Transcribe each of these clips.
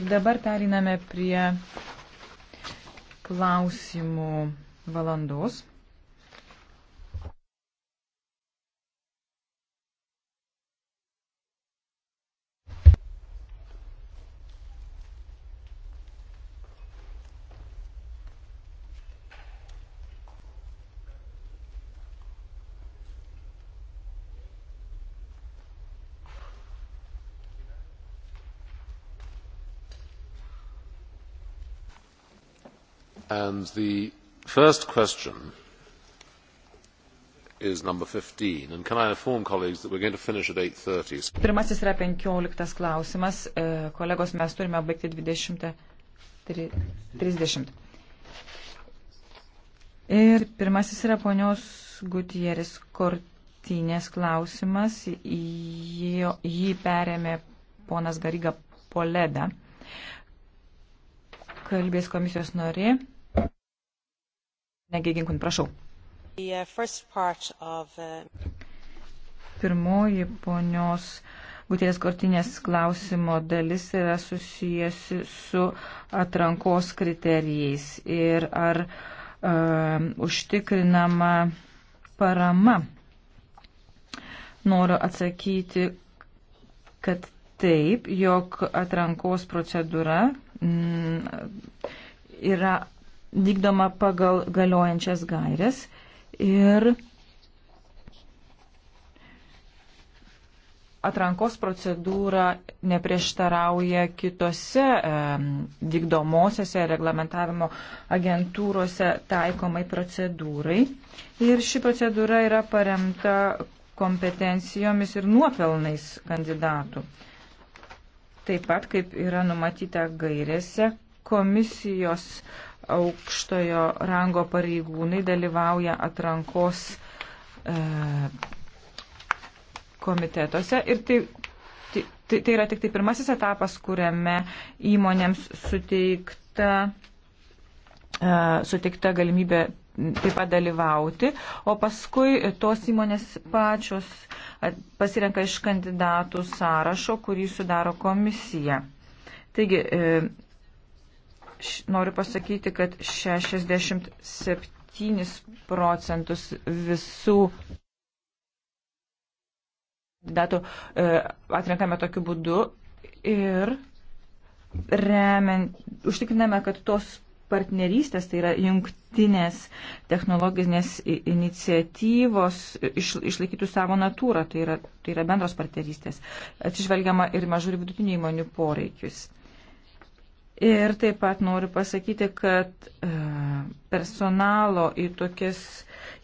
Ir dabar periname prie klausimų valandos. and the first question is number 15. And can I inform colleagues that we're going to finish at 8.30? Pirmasis yra 15 klausimas. E, kolegos, mes turime baigti 20.30. Ir pirmasis yra ponios Gutieris Kortinės klausimas. Jį, jį perėmė ponas Garyga Poleda. Kalbės komisijos norė. Negiginkun, prašau. Uh, uh, Pirmoji ponios Būtės kortinės klausimo dalis yra susijęsi su atrankos kriterijais ir ar e, užtikrinama parama. Noriu atsakyti, kad taip, jog atrankos procedūra m, mm, yra vykdoma pagal galiojančias gairias ir atrankos procedūra neprieštarauja kitose e, vykdomosiose reglamentavimo agentūrose taikomai procedūrai. Ir ši procedūra yra paremta kompetencijomis ir nuopelnais kandidatų. Taip pat, kaip yra numatyta gairėse, komisijos e, aukštojo rango pareigūnai dalyvauja atrankos e, komitetuose ir tai, tai, tai, tai yra tik tai pirmasis etapas, kuriame įmonėms suteikta, e, suteikta galimybė taip pat dalyvauti, o paskui tos įmonės pačios pasirenka iš kandidatų sąrašo, kurį sudaro komisija. Taigi, e, noriu pasakyti, kad 67 procentus visų datų e, atrenkame tokiu būdu ir remiant, užtikriname, kad tos partnerystės, tai yra jungtinės technologinės iniciatyvos iš, išlaikytų savo natūrą, tai yra, tai yra bendros partnerystės, atsižvelgiama ir mažų ir vidutinių įmonių poreikius. Ir taip pat noriu pasakyti, kad e, personalo į tokias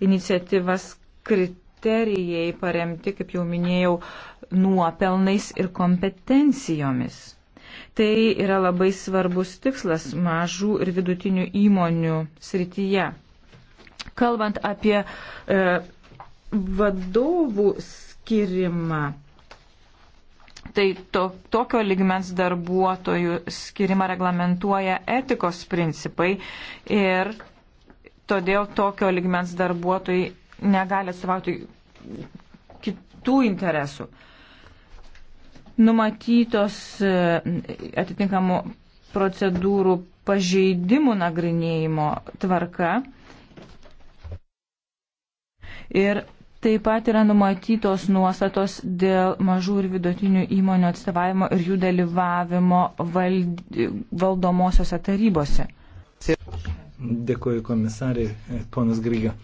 iniciatyvas kriterijai paremti, kaip jau minėjau, nuopelnais ir kompetencijomis. Tai yra labai svarbus tikslas mažų ir vidutinių įmonių srityje. Kalbant apie e, vadovų skirimą, Tai to, tokio ligmens darbuotojų skirimą reglamentuoja etikos principai ir todėl tokio ligmens darbuotojai negali atstovauti kitų interesų. Numatytos e, atitinkamų procedūrų pažeidimų nagrinėjimo tvarka ir Taip pat yra numatytos nuostatos dėl mažų ir vidutinių įmonių atstovavimo ir jų dalyvavimo vald... valdomosiose tarybose. Dėkuoju komisarė, ponas Grygė.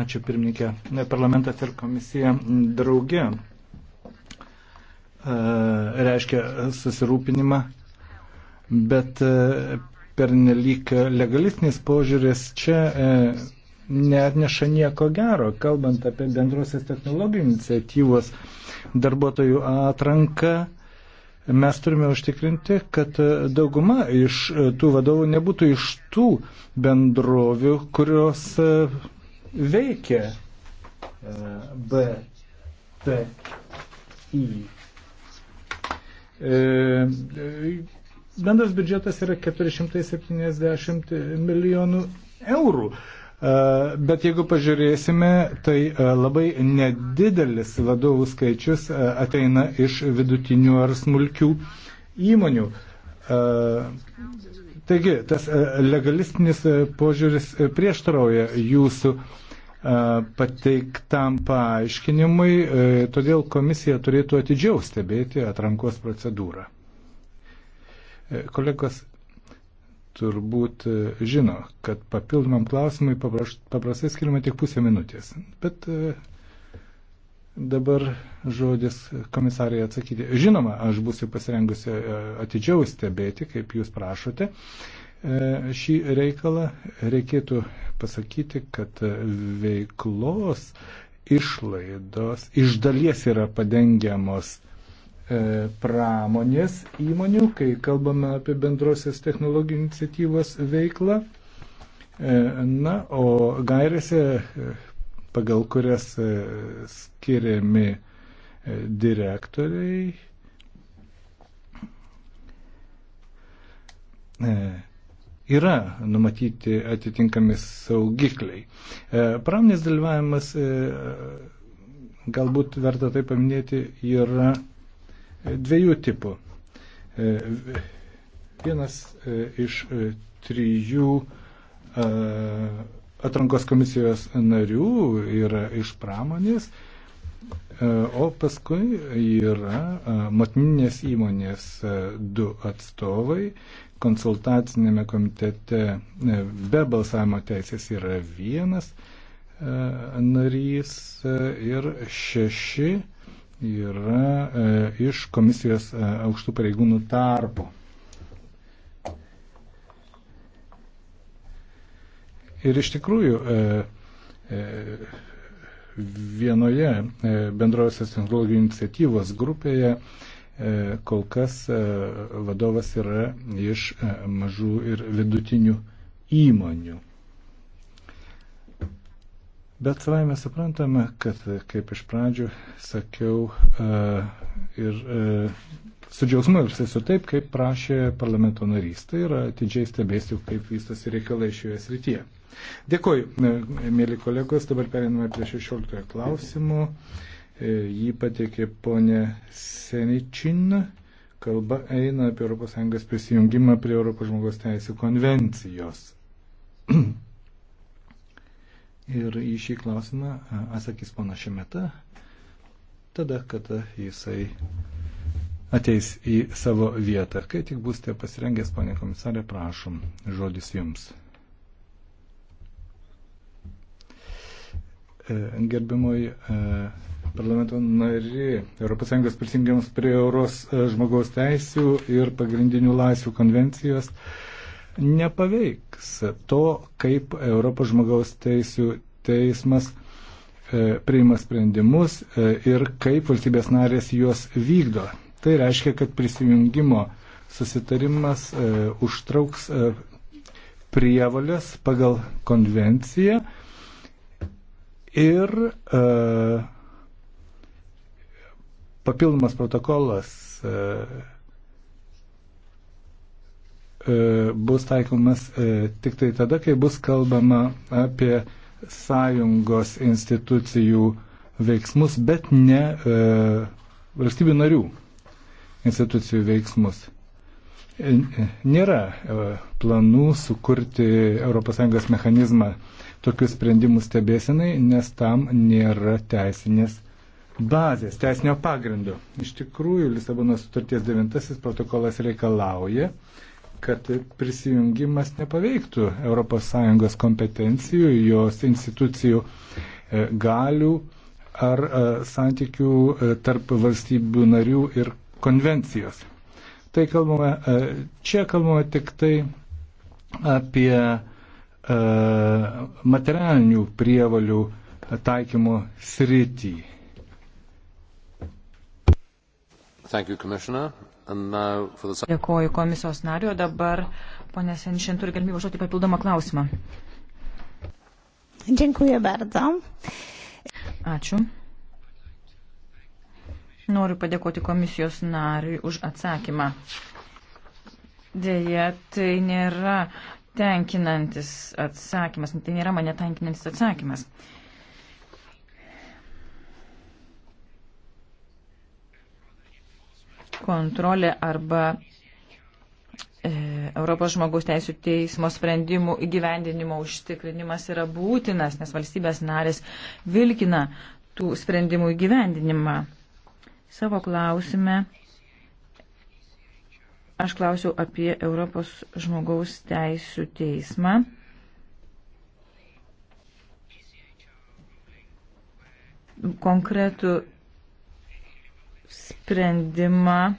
Ačiū pirmininkė. Parlamentas ir komisija draugė e, reiškia susirūpinimą, bet e, pernelyg legalistinis požiūris čia e, neatneša nieko gero, kalbant apie bendrosios technologijų iniciatyvos darbuotojų atranką. Mes turime užtikrinti, kad dauguma iš tų vadovų nebūtų iš tų bendrovių, kurios e, veikia e, BTI. E, bendras biudžetas yra 470 milijonų eurų. E, bet jeigu pažiūrėsime, tai e, labai nedidelis vadovų skaičius e, ateina iš vidutinių ar smulkių įmonių. Taigi, tas legalistinis požiūris prieštarauja jūsų pateiktam paaiškinimui, todėl komisija turėtų atidžiau stebėti atrankos procedūrą. Kolegos turbūt e, žino, kad papildomam klausimui paprastai skiriama tik pusę minutės. Bet e, dabar žodis komisarai atsakyti. Žinoma, aš būsiu pasirengusi e, atidžiau stebėti, kaip jūs prašote. Šį reikalą reikėtų pasakyti, kad veiklos išlaidos iš dalies yra padengiamos E, pramonės įmonių, kai kalbame apie bendrosios technologijų iniciatyvos veiklą. E, na, o gairėse, e, pagal kurias skiriami direktoriai, yra numatyti atitinkami saugikliai. Pramonės dalyvavimas, galbūt verta tai paminėti, yra dviejų tipų. E, vienas e, iš e, trijų atrankos komisijos narių yra iš pramonės, o paskui yra motininės įmonės du atstovai, konsultacinėme komitete be balsavimo teisės yra vienas narys ir šeši yra e, iš komisijos e, aukštų pareigūnų tarpo. Ir iš tikrųjų e, e, vienoje e, bendrosios technologijų iniciatyvos grupėje e, kol kas e, vadovas yra iš e, mažų ir vidutinių įmonių. Bet savaime suprantame, kad, kaip iš pradžių sakiau, e, e, ir su džiausmu elgsiu taip, kaip prašė parlamento narys. Tai yra atidžiai stebėsiu, kaip vystosi reikalai šioje srityje. Dėkoju, e, mėly kolegos, dabar periname prie 16 klausimų. Jį pateikė ponė Seničin. Kalba eina apie ES prisijungimą prie ES konvencijos. Ir į šį klausimą atsakys pana Šemeta, tada, kada jisai ateis į savo vietą. Kai tik būsite pasirengęs, ponė komisarė, prašom, žodis jums. E, Gerbimoji e, parlamento nari, ES prisijungiamas prie Euros e, žmogaus teisų ir pagrindinių laisvių konvencijos nepaveiks to, kaip Europos žmogaus teisų teismas e, priima sprendimus e, ir kaip valstybės narės juos vykdo. Tai reiškia, kad prisijungimo susitarimas e, užtrauks prievalės pagal konvenciją ir papildomas protokolas E, bus taikomas e, tik tai tada, kai bus kalbama apie sąjungos institucijų veiksmus, bet ne e, valstybių narių institucijų veiksmus. Nėra planų sukurti ES mechanizmą tokius sprendimus stebėsinai, nes tam nėra teisinės bazės, teisinio pagrindo. Iš tikrųjų, Lisabono sutarties devintasis protokolas reikalauja, kad prisijungimas nepaveiktų ES kompetencijų, jos institucijų e, galių ar e, santykių e, tarp valstybių narių ir konvencijos. Tai kalbame, čia kalbame tik tai apie materialinių prievalių taikymo sritį. Thank you, Commissioner. The... Dėkoju komisijos nario. Dabar ponė Senšin turi galimybę užduoti papildomą klausimą. Dziękuję bardzo. Ačiū. Noriu padėkoti komisijos nariui už atsakymą. Deja, tai nėra tenkinantis atsakymas, tai nėra mane tenkinantis atsakymas. kontrolė arba e, Europos žmogaus teisų teismo sprendimų įgyvendinimo užtikrinimas yra būtinas, nes valstybės narės vilkina tų sprendimų įgyvendinimą. Savo klausime aš klausiau apie Europos žmogaus teisų teismą. Konkretų sprendimą e,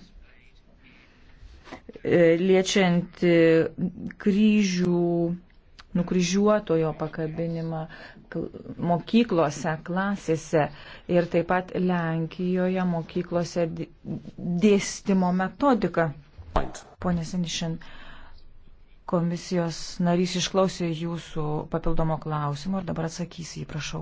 liečianti kryžių, nukryžiuotojo pakabinimą mokyklose, klasėse ir taip pat Lenkijoje mokyklose dėstymo metodiką. Pone Senišin, komisijos narys išklausė jūsų papildomo klausimo ir dabar atsakys jį, prašau.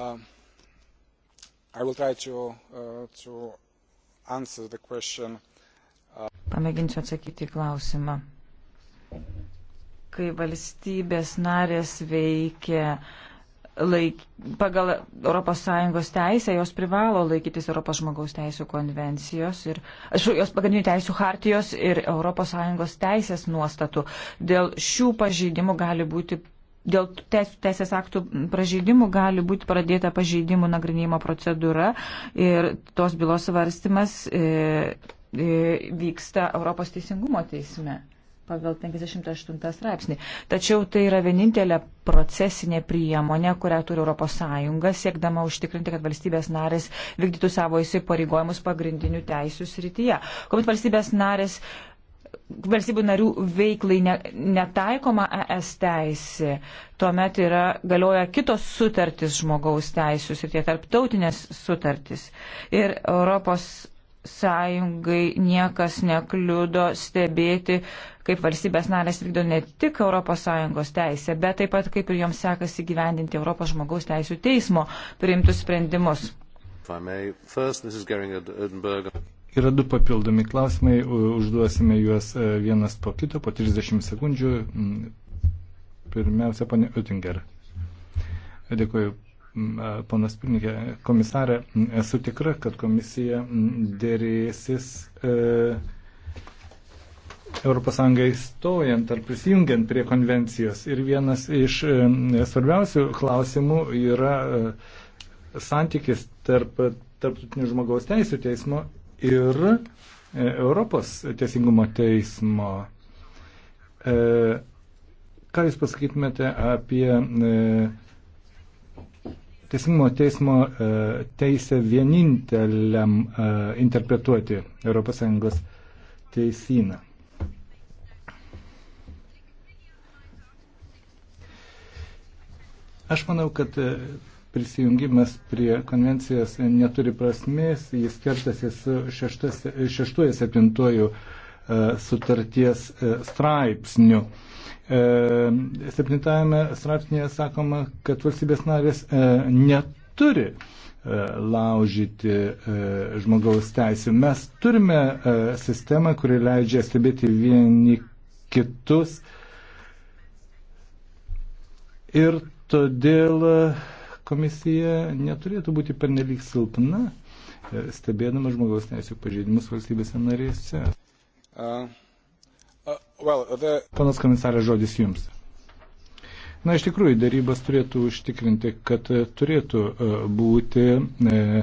Um, I will try to, uh, to answer the question. Uh... Pamėginsiu atsakyti į klausimą. Kai valstybės narės veikia laik, pagal ES teisę, jos privalo laikytis ES žmogaus teisų konvencijos ir ašu, jos pagrindinių teisų hartijos ir ES teisės nuostatų. Dėl šių pažeidimų gali būti dėl teisės aktų pažeidimų gali būti pradėta pažeidimų nagrinėjimo procedūra ir tos bylos svarstymas e, e, vyksta Europos teisingumo teisme pagal 58 straipsnį. Tačiau tai yra vienintelė procesinė priemonė, kurią turi ES, siekdama užtikrinti, kad valstybės narės vykdytų savo įsipareigojimus pagrindinių teisų srityje. Kuomet valstybės narės uh, valstybių narių veiklai ne, netaikoma ES teisė, tuomet yra, galioja kitos sutartys žmogaus teisės ir tie tarptautinės sutartys. Ir Europos sąjungai niekas nekliudo stebėti, kaip valstybės narės vykdo ne tik ES teisę, bet taip pat kaip ir joms sekasi gyvendinti Europos žmogaus teisų teismo priimtus sprendimus. First, Yra du papildomi klausimai, užduosime juos e, vienas po kito, po 30 sekundžių. Mm, pirmiausia, ponė Utinger. Dėkuoju, mm, ponas pirmininkė. Komisarė, mm, esu tikra, kad komisija dėrėsis ES įstojant ar prisijungiant prie konvencijos. Ir vienas iš e, svarbiausių klausimų yra e, santykis tarp Tarptautinių žmogaus teisų teismo ir e, Europos teisingumo teismo. E, ką Jūs pasakytumėte apie e, teisingumo teismo teisę vieninteliam interpretuoti ES teisyną? Aš manau, kad prisijungimas prie konvencijos neturi prasmės, jis kertasi su šeštuoju septintuoju e, sutarties e, straipsniu. E, septintajame straipsnėje sakoma, kad valstybės narės neturi laužyti žmogaus teisų. Mes turime sistemą, kuri leidžia stebėti vieni kitus. Ir todėl uh, komisija neturėtų būti pernelyg silpna, e, stebėdama žmogaus teisų pažeidimus valstybėse narėse. Uh, uh, well, the... Panas komisarė, žodis jums. Na, iš tikrųjų, darybas turėtų užtikrinti, kad e, turėtų e, būti e,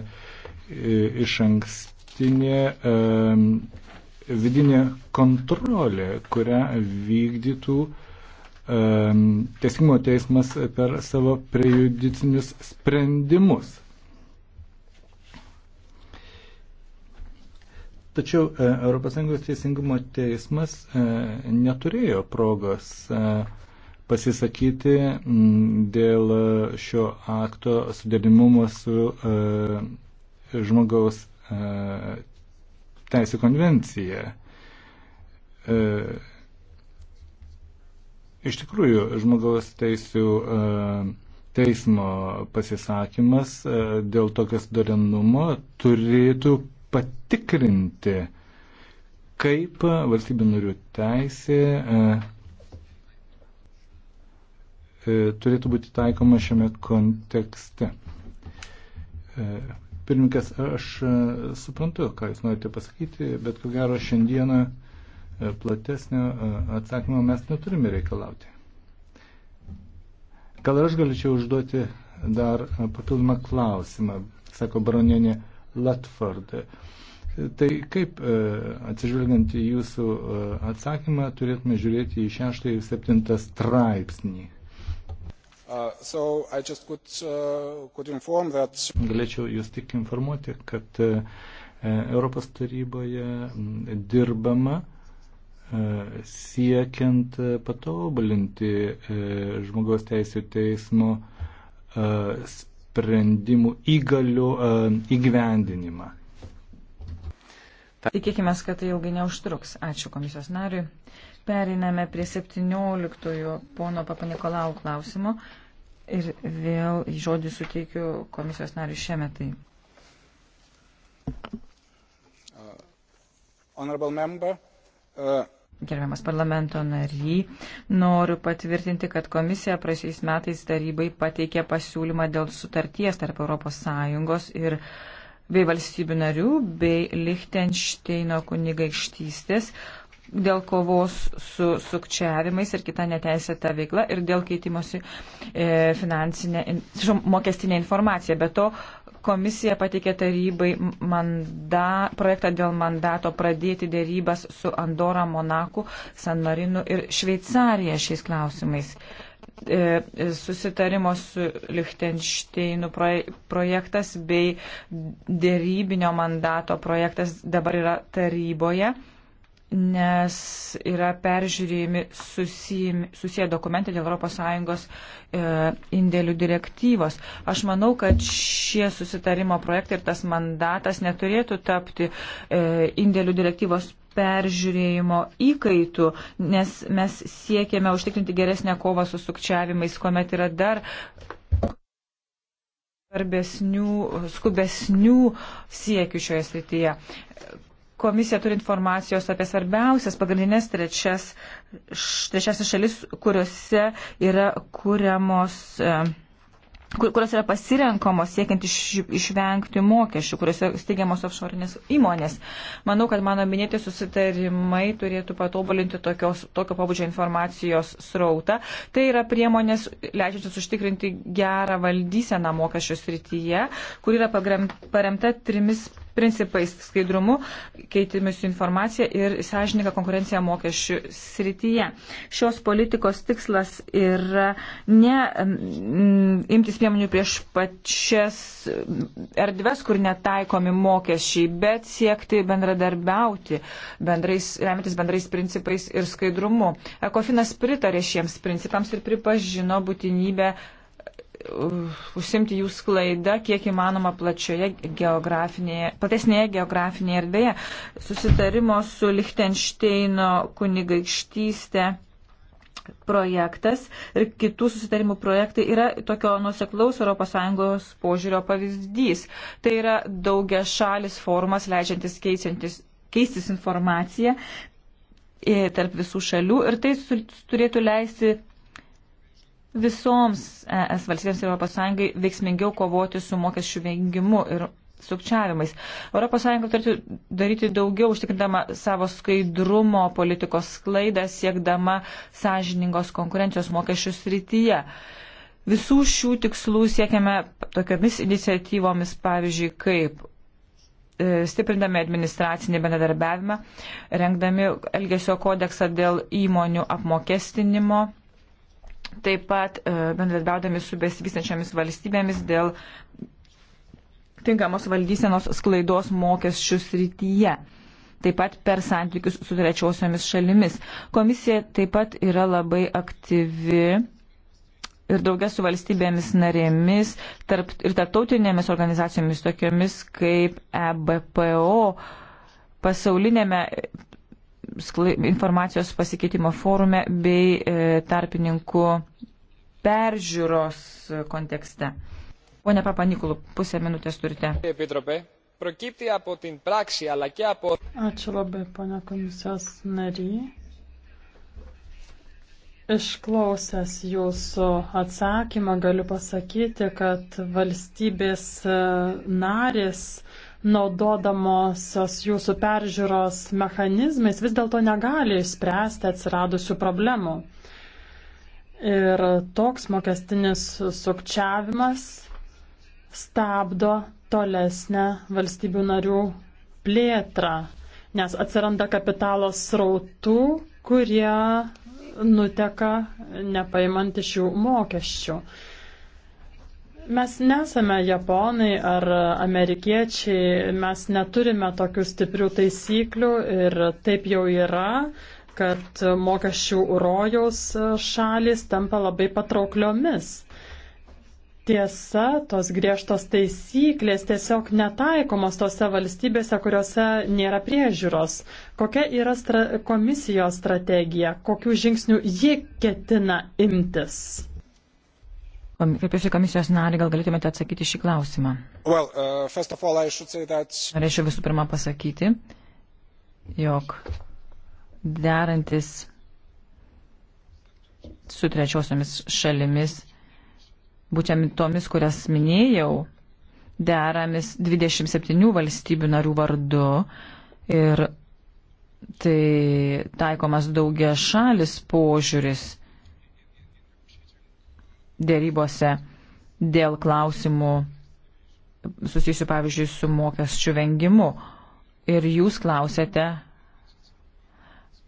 iš ankstinė e, vidinė kontrolė, kurią vykdytų e, Teisingumo teismas per savo prejudicinius sprendimus. Tačiau ES teisingumo teismas e, neturėjo progos e, pasisakyti dėl šio akto sudėdimumo su e, žmogaus teisų konvencija. Iš tikrųjų, žmogaus teisų e, teismo pasisakymas e, dėl tokios dorinumo turėtų patikrinti, kaip valstybių narių teisė e, turėtų būti taikoma šiame kontekste. Pirmininkas, aš suprantu, ką Jūs norite pasakyti, bet ko gero šiandieną E, platesnio e, atsakymo mes neturime reikalauti. Gal aš galėčiau užduoti dar e, papildomą klausimą, sako baronienė Latford. Tai kaip atsižvelgiant į jūsų atsakymą turėtume žiūrėti į šeštą ir septintą straipsnį? Uh, so could, uh, could that... Galėčiau jūs tik informuoti, kad uh, Europos taryboje dirbama uh, E, siekiant e, patobulinti e, žmogaus teisų teismo sprendimų įgalių įgyvendinimą. Tikėkime, kad tai ilgai neužtruks. Ačiū komisijos nariui. Periname prie 17 pono Papanikolau klausimo ir vėl žodį suteikiu komisijos nariui šiemetai. Uh, honorable member, uh, Gerbiamas parlamento nary, noriu patvirtinti, kad komisija praeisiais metais tarybai pateikė pasiūlymą dėl sutarties tarp ES ir bei valstybių narių bei Lichtensteino kunigaikštystės dėl kovos su sukčiavimais ir kita neteisėta veikla ir dėl keitimosi e, finansinė, in, mokestinė informacija. Be to, Komisija patikė tarybai manda, projektą dėl mandato pradėti dėrybas su Andora, Monaku, San Marinu ir Šveicarija šiais klausimais. E, susitarimo su Lichtensteinu projektas bei dėrybinio mandato projektas dabar yra taryboje nes yra peržiūrėjami susiję dokumentai dėl ES e, indėlių direktyvos. Aš manau, kad šie susitarimo projektai ir tas mandatas neturėtų tapti e, indėlių direktyvos peržiūrėjimo įkaitų, nes mes siekėme užtikrinti geresnę kovą su sukčiavimais, kuomet yra dar svarbesnių, skubesnių siekių šioje srityje komisija turi informacijos apie svarbiausias pagrindinės trečias, trečiasis šalis, kuriuose yra kuriamos. E, kur, kurios yra pasirenkomos siekiant iš, išvengti mokesčių, kuriuose steigiamos offshore'inės įmonės. Manau, kad mano minėti susitarimai turėtų patobulinti tokios, tokio pabudžio informacijos srautą. Tai yra priemonės leidžiančios užtikrinti gerą valdyseną mokesčių srityje, kur yra paremta trimis principais skaidrumu, keitimis informacija ir sąžininką konkurenciją mokesčių srityje. Šios politikos tikslas yra ne mm, imtis priemonių prieš pačias erdves, kur netaikomi mokesčiai, bet siekti bendradarbiauti, bendrais, remiantis bendrais principais ir skaidrumu. Ekofinas pritarė šiems principams ir pripažino būtinybę Uh, užsimti jų sklaidą kiek įmanoma plačioje geografinėje, platesnėje geografinėje erdvėje. Susitarimo su Lichtensteino kunigaikštystė projektas ir kitų susitarimų projektai yra tokio nuseklaus ES požiūrio pavyzdys. Tai yra daugia šalis formas leidžiantis keistis informaciją e, tarp visų šalių ir tai turėtų leisti visoms ES valstybėms ir ES veiksmingiau kovoti su mokesčių vengimu ir sukčiavimais. ES turėtų daryti daugiau, užtikrindama savo skaidrumo politikos sklaidą, siekdama sąžiningos konkurencijos mokesčių srityje. Visų šių tikslų siekiame tokiamis iniciatyvomis, pavyzdžiui, kaip e, stiprindami administracinį bendradarbiavimą, rengdami Elgesio kodeksą dėl įmonių apmokestinimo taip pat e, bendradarbiaudami su besivystančiamis valstybėmis dėl tinkamos valdysenos sklaidos mokesčių srityje. Taip pat per santykius su trečiosiomis šalimis. Komisija taip pat yra labai aktyvi ir daugia su valstybėmis narėmis tarp, ir tarptautinėmis organizacijomis tokiomis kaip EBPO pasaulinėme informacijos pasikeitimo forume bei e, tarpininkų peržiūros kontekste. Pone Papanikulų, pusę minutės turite. Ačiū labai, pane komisijos nariai. Išklausęs jūsų atsakymą galiu pasakyti, kad valstybės e, narės naudodamosios jūsų peržiūros mechanizmais vis dėlto negali išspręsti atsiradusių problemų. Ir toks mokestinis sukčiavimas stabdo tolesnę valstybių narių plėtrą, nes atsiranda kapitalo srautų, kurie nuteka nepaimant iš jų mokesčių. Mes nesame japonai ar amerikiečiai, mes neturime tokių stiprių taisyklių ir taip jau yra, kad mokesčių urojaus šalis tampa labai patraukliomis. Tiesa, tos griežtos taisyklės tiesiog netaikomos tose valstybėse, kuriuose nėra priežiūros. Kokia yra stra komisijos strategija, kokių žingsnių ji ketina imtis? Kaip jūs į komisijos narį gal galėtumėte atsakyti šį klausimą? Well, uh, all, that... Norėčiau visų pirma pasakyti, jog derantis su trečiosiomis šalimis, būtent tomis, kurias minėjau, deramis 27 valstybių narių vardu ir tai taikomas daugia šalis požiūris dėrybose dėl klausimų susijusių, pavyzdžiui, su mokesčių vengimu. Ir jūs klausėte,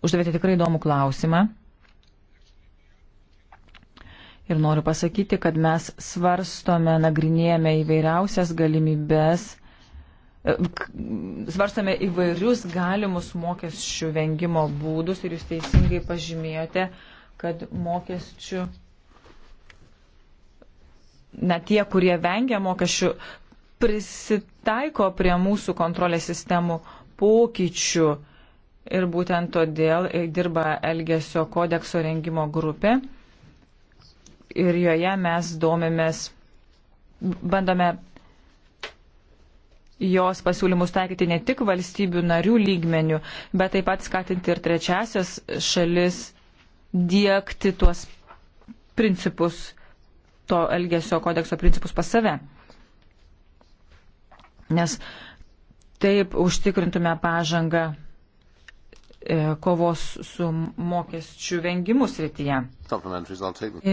uždavėte tikrai įdomų klausimą. Ir noriu pasakyti, kad mes svarstome, nagrinėjame įvairiausias galimybės, e, svarstome įvairius galimus mokesčių vengimo būdus ir jūs teisingai pažymėjote, kad mokesčių na, tie, kurie vengia mokesčių, prisitaiko prie mūsų kontrolės sistemų pokyčių. Ir būtent todėl dirba Elgesio kodekso rengimo grupė. Ir joje mes domimės, bandome jos pasiūlymus taikyti ne tik valstybių narių lygmenių, bet taip pat skatinti ir trečiasias šalis diekti tuos principus to elgesio kodekso principus pas save. Nes taip užtikrintume pažangą e, kovos su mokesčių vengimu srityje.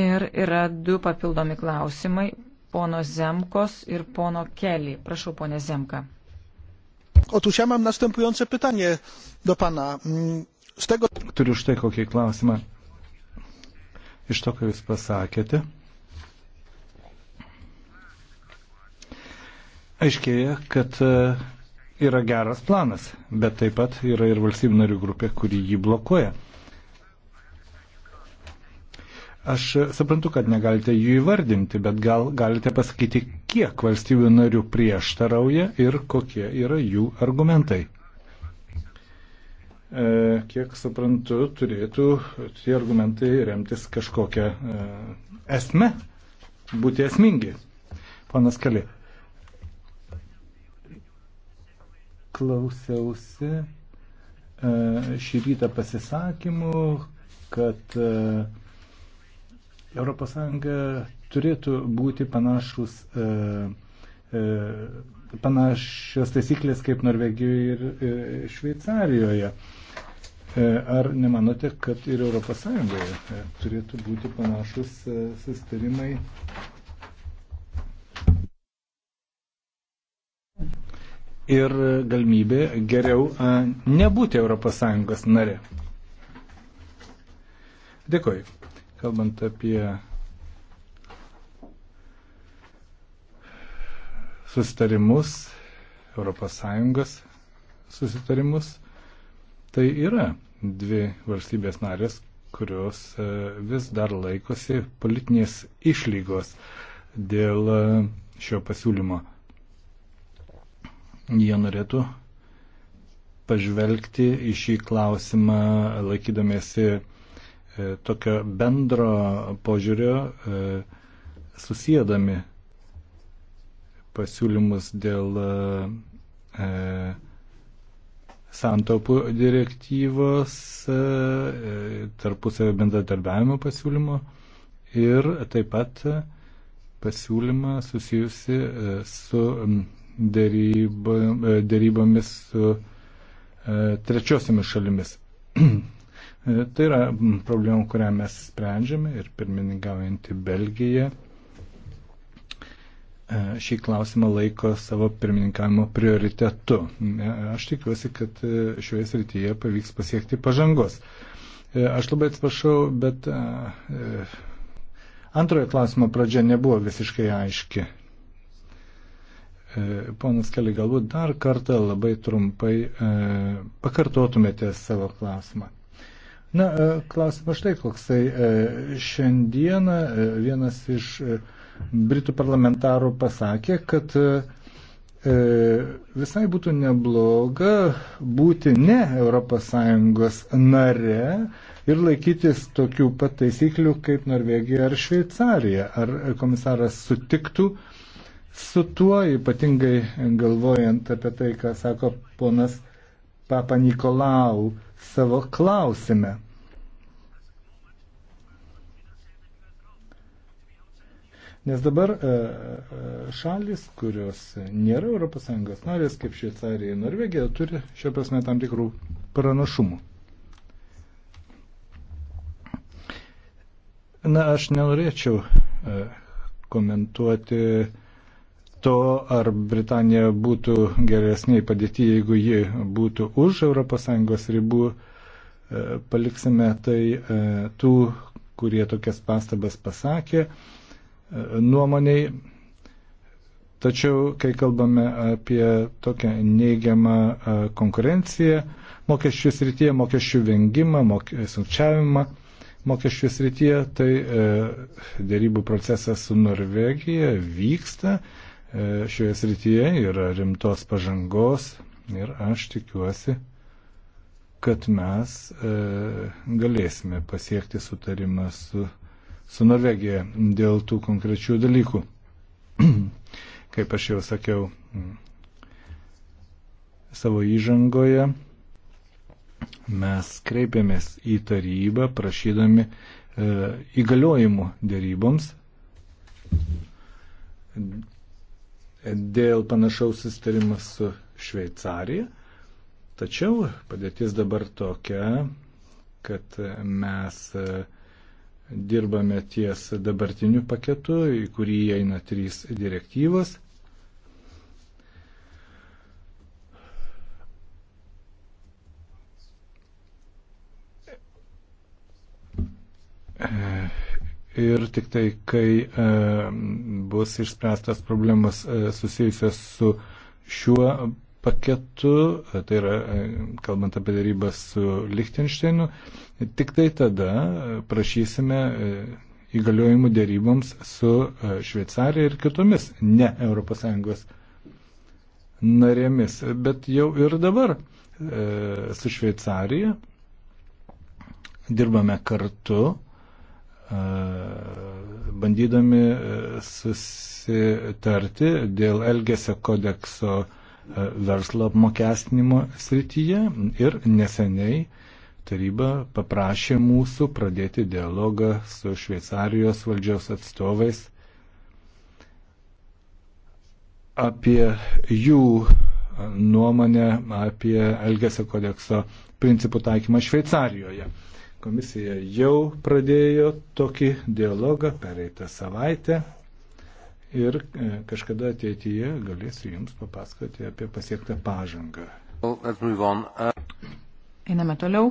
Ir yra du papildomi klausimai pono Zemkos ir pono Kelly. Prašau, pone Zemka. Otóż ja mam następujące pytanie do pana. Mm, z tego... Turiu štai kokį klausimą. Iš to, ką jūs pasakėte, aiškėja, kad e, yra geras planas, bet taip pat yra ir valstybių narių grupė, kuri jį blokuoja. Aš suprantu, kad negalite jų įvardinti, bet gal galite pasakyti, kiek valstybių narių prieštarauja ir kokie yra jų argumentai. E, kiek suprantu, turėtų tie argumentai remtis kažkokią e, esmę, būti esmingi. Panas Kalė. klausiausi e, šį rytą pasisakymų, kad ES turėtų būti panašus, e, e, panašios taisyklės kaip Norvegijoje ir Šveicarijoje. Ar nemanote, kad ir ES turėtų būti panašus sustarimai ir galimybė geriau nebūti ES nare. Dėkoju. Kalbant apie susitarimus, ES susitarimus, tai yra dvi valstybės narės, kurios vis dar laikosi politinės išlygos dėl šio pasiūlymo jie norėtų pažvelgti į šį klausimą laikydamėsi e, tokio bendro požiūrio, e, susėdami pasiūlymus dėl e, santaupų direktyvos, tarpusavio bendradarbiavimo pasiūlymo ir taip pat pasiūlymą susijusi su dėryba, e, dėrybomis su e, e, trečiosiamis šalimis. tai yra problema, kurią mes sprendžiame ir pirmininkaujantį Belgiją šį klausimą laiko savo pirmininkavimo prioritetu. Aš tikiuosi, kad šioje srityje pavyks pasiekti pažangos. Aš labai atsiprašau, bet antrojo klausimo pradžia nebuvo visiškai aiški. E, ponas Keli, galbūt dar kartą labai trumpai e, pakartotumėte savo klausimą. Na, e, klausimas štai koksai. Šiandieną vienas iš Britų parlamentarų pasakė, kad visai būtų nebloga būti ne ES nare ir laikytis tokių pat taisyklių kaip Norvegija ar Šveicarija. Ar komisaras sutiktų? su tuo, ypatingai galvojant apie tai, ką sako ponas Papa Nikolau savo klausime. Nes dabar e, e, šalis, kurios nėra ES narės, kaip Šveicarija ir Norvegija, turi šio prasme tam tikrų pranašumų. Na, aš nenorėčiau e, komentuoti uh, to, ar Britanija būtų geresniai padėti, jeigu ji būtų už ES ribų, e, paliksime tai e, tų, kurie tokias pastabas pasakė, e, nuomoniai. Tačiau, kai kalbame apie tokią neigiamą konkurenciją, mokesčių srityje, mokesčių vengimą, sukčiavimą, mokesčių srityje, tai dėrybų procesas su Norvegija vyksta E, šioje srityje yra rimtos pažangos ir aš tikiuosi, kad mes e, galėsime pasiekti sutarimą su, su Norvegija dėl tų konkrečių dalykų. Kaip aš jau sakiau savo įžangoje, mes kreipėmės į tarybą prašydami e, įgaliojimų dėryboms dėl panašaus sustarimo su Šveicarija. Tačiau padėtis dabar tokia, kad mes e, dirbame ties dabartiniu paketu, į kurį įeina trys direktyvos. Uh ir tik tai, kai e, bus išspręstas problemas e, susijusias su šiuo paketu, tai yra, e, kalbant apie darybas su Lichtensteinu, tik tai tada prašysime įgaliojimų dėryboms su Šveicarija ir kitomis ne ES narėmis. Bet jau ir dabar su Šveicarija dirbame kartu E, bandydami e, susitarti dėl Elgesio kodekso e, verslo apmokestinimo srityje ir neseniai taryba paprašė mūsų pradėti dialogą su Šveicarijos valdžios atstovais apie jų nuomonę apie Elgesio kodekso principų taikymą Šveicarijoje. Komisija jau pradėjo tokį dialogą pereitą savaitę ir e, kažkada ateityje galėsiu Jums papasakoti apie pasiektą pažangą. Uh, Einame toliau.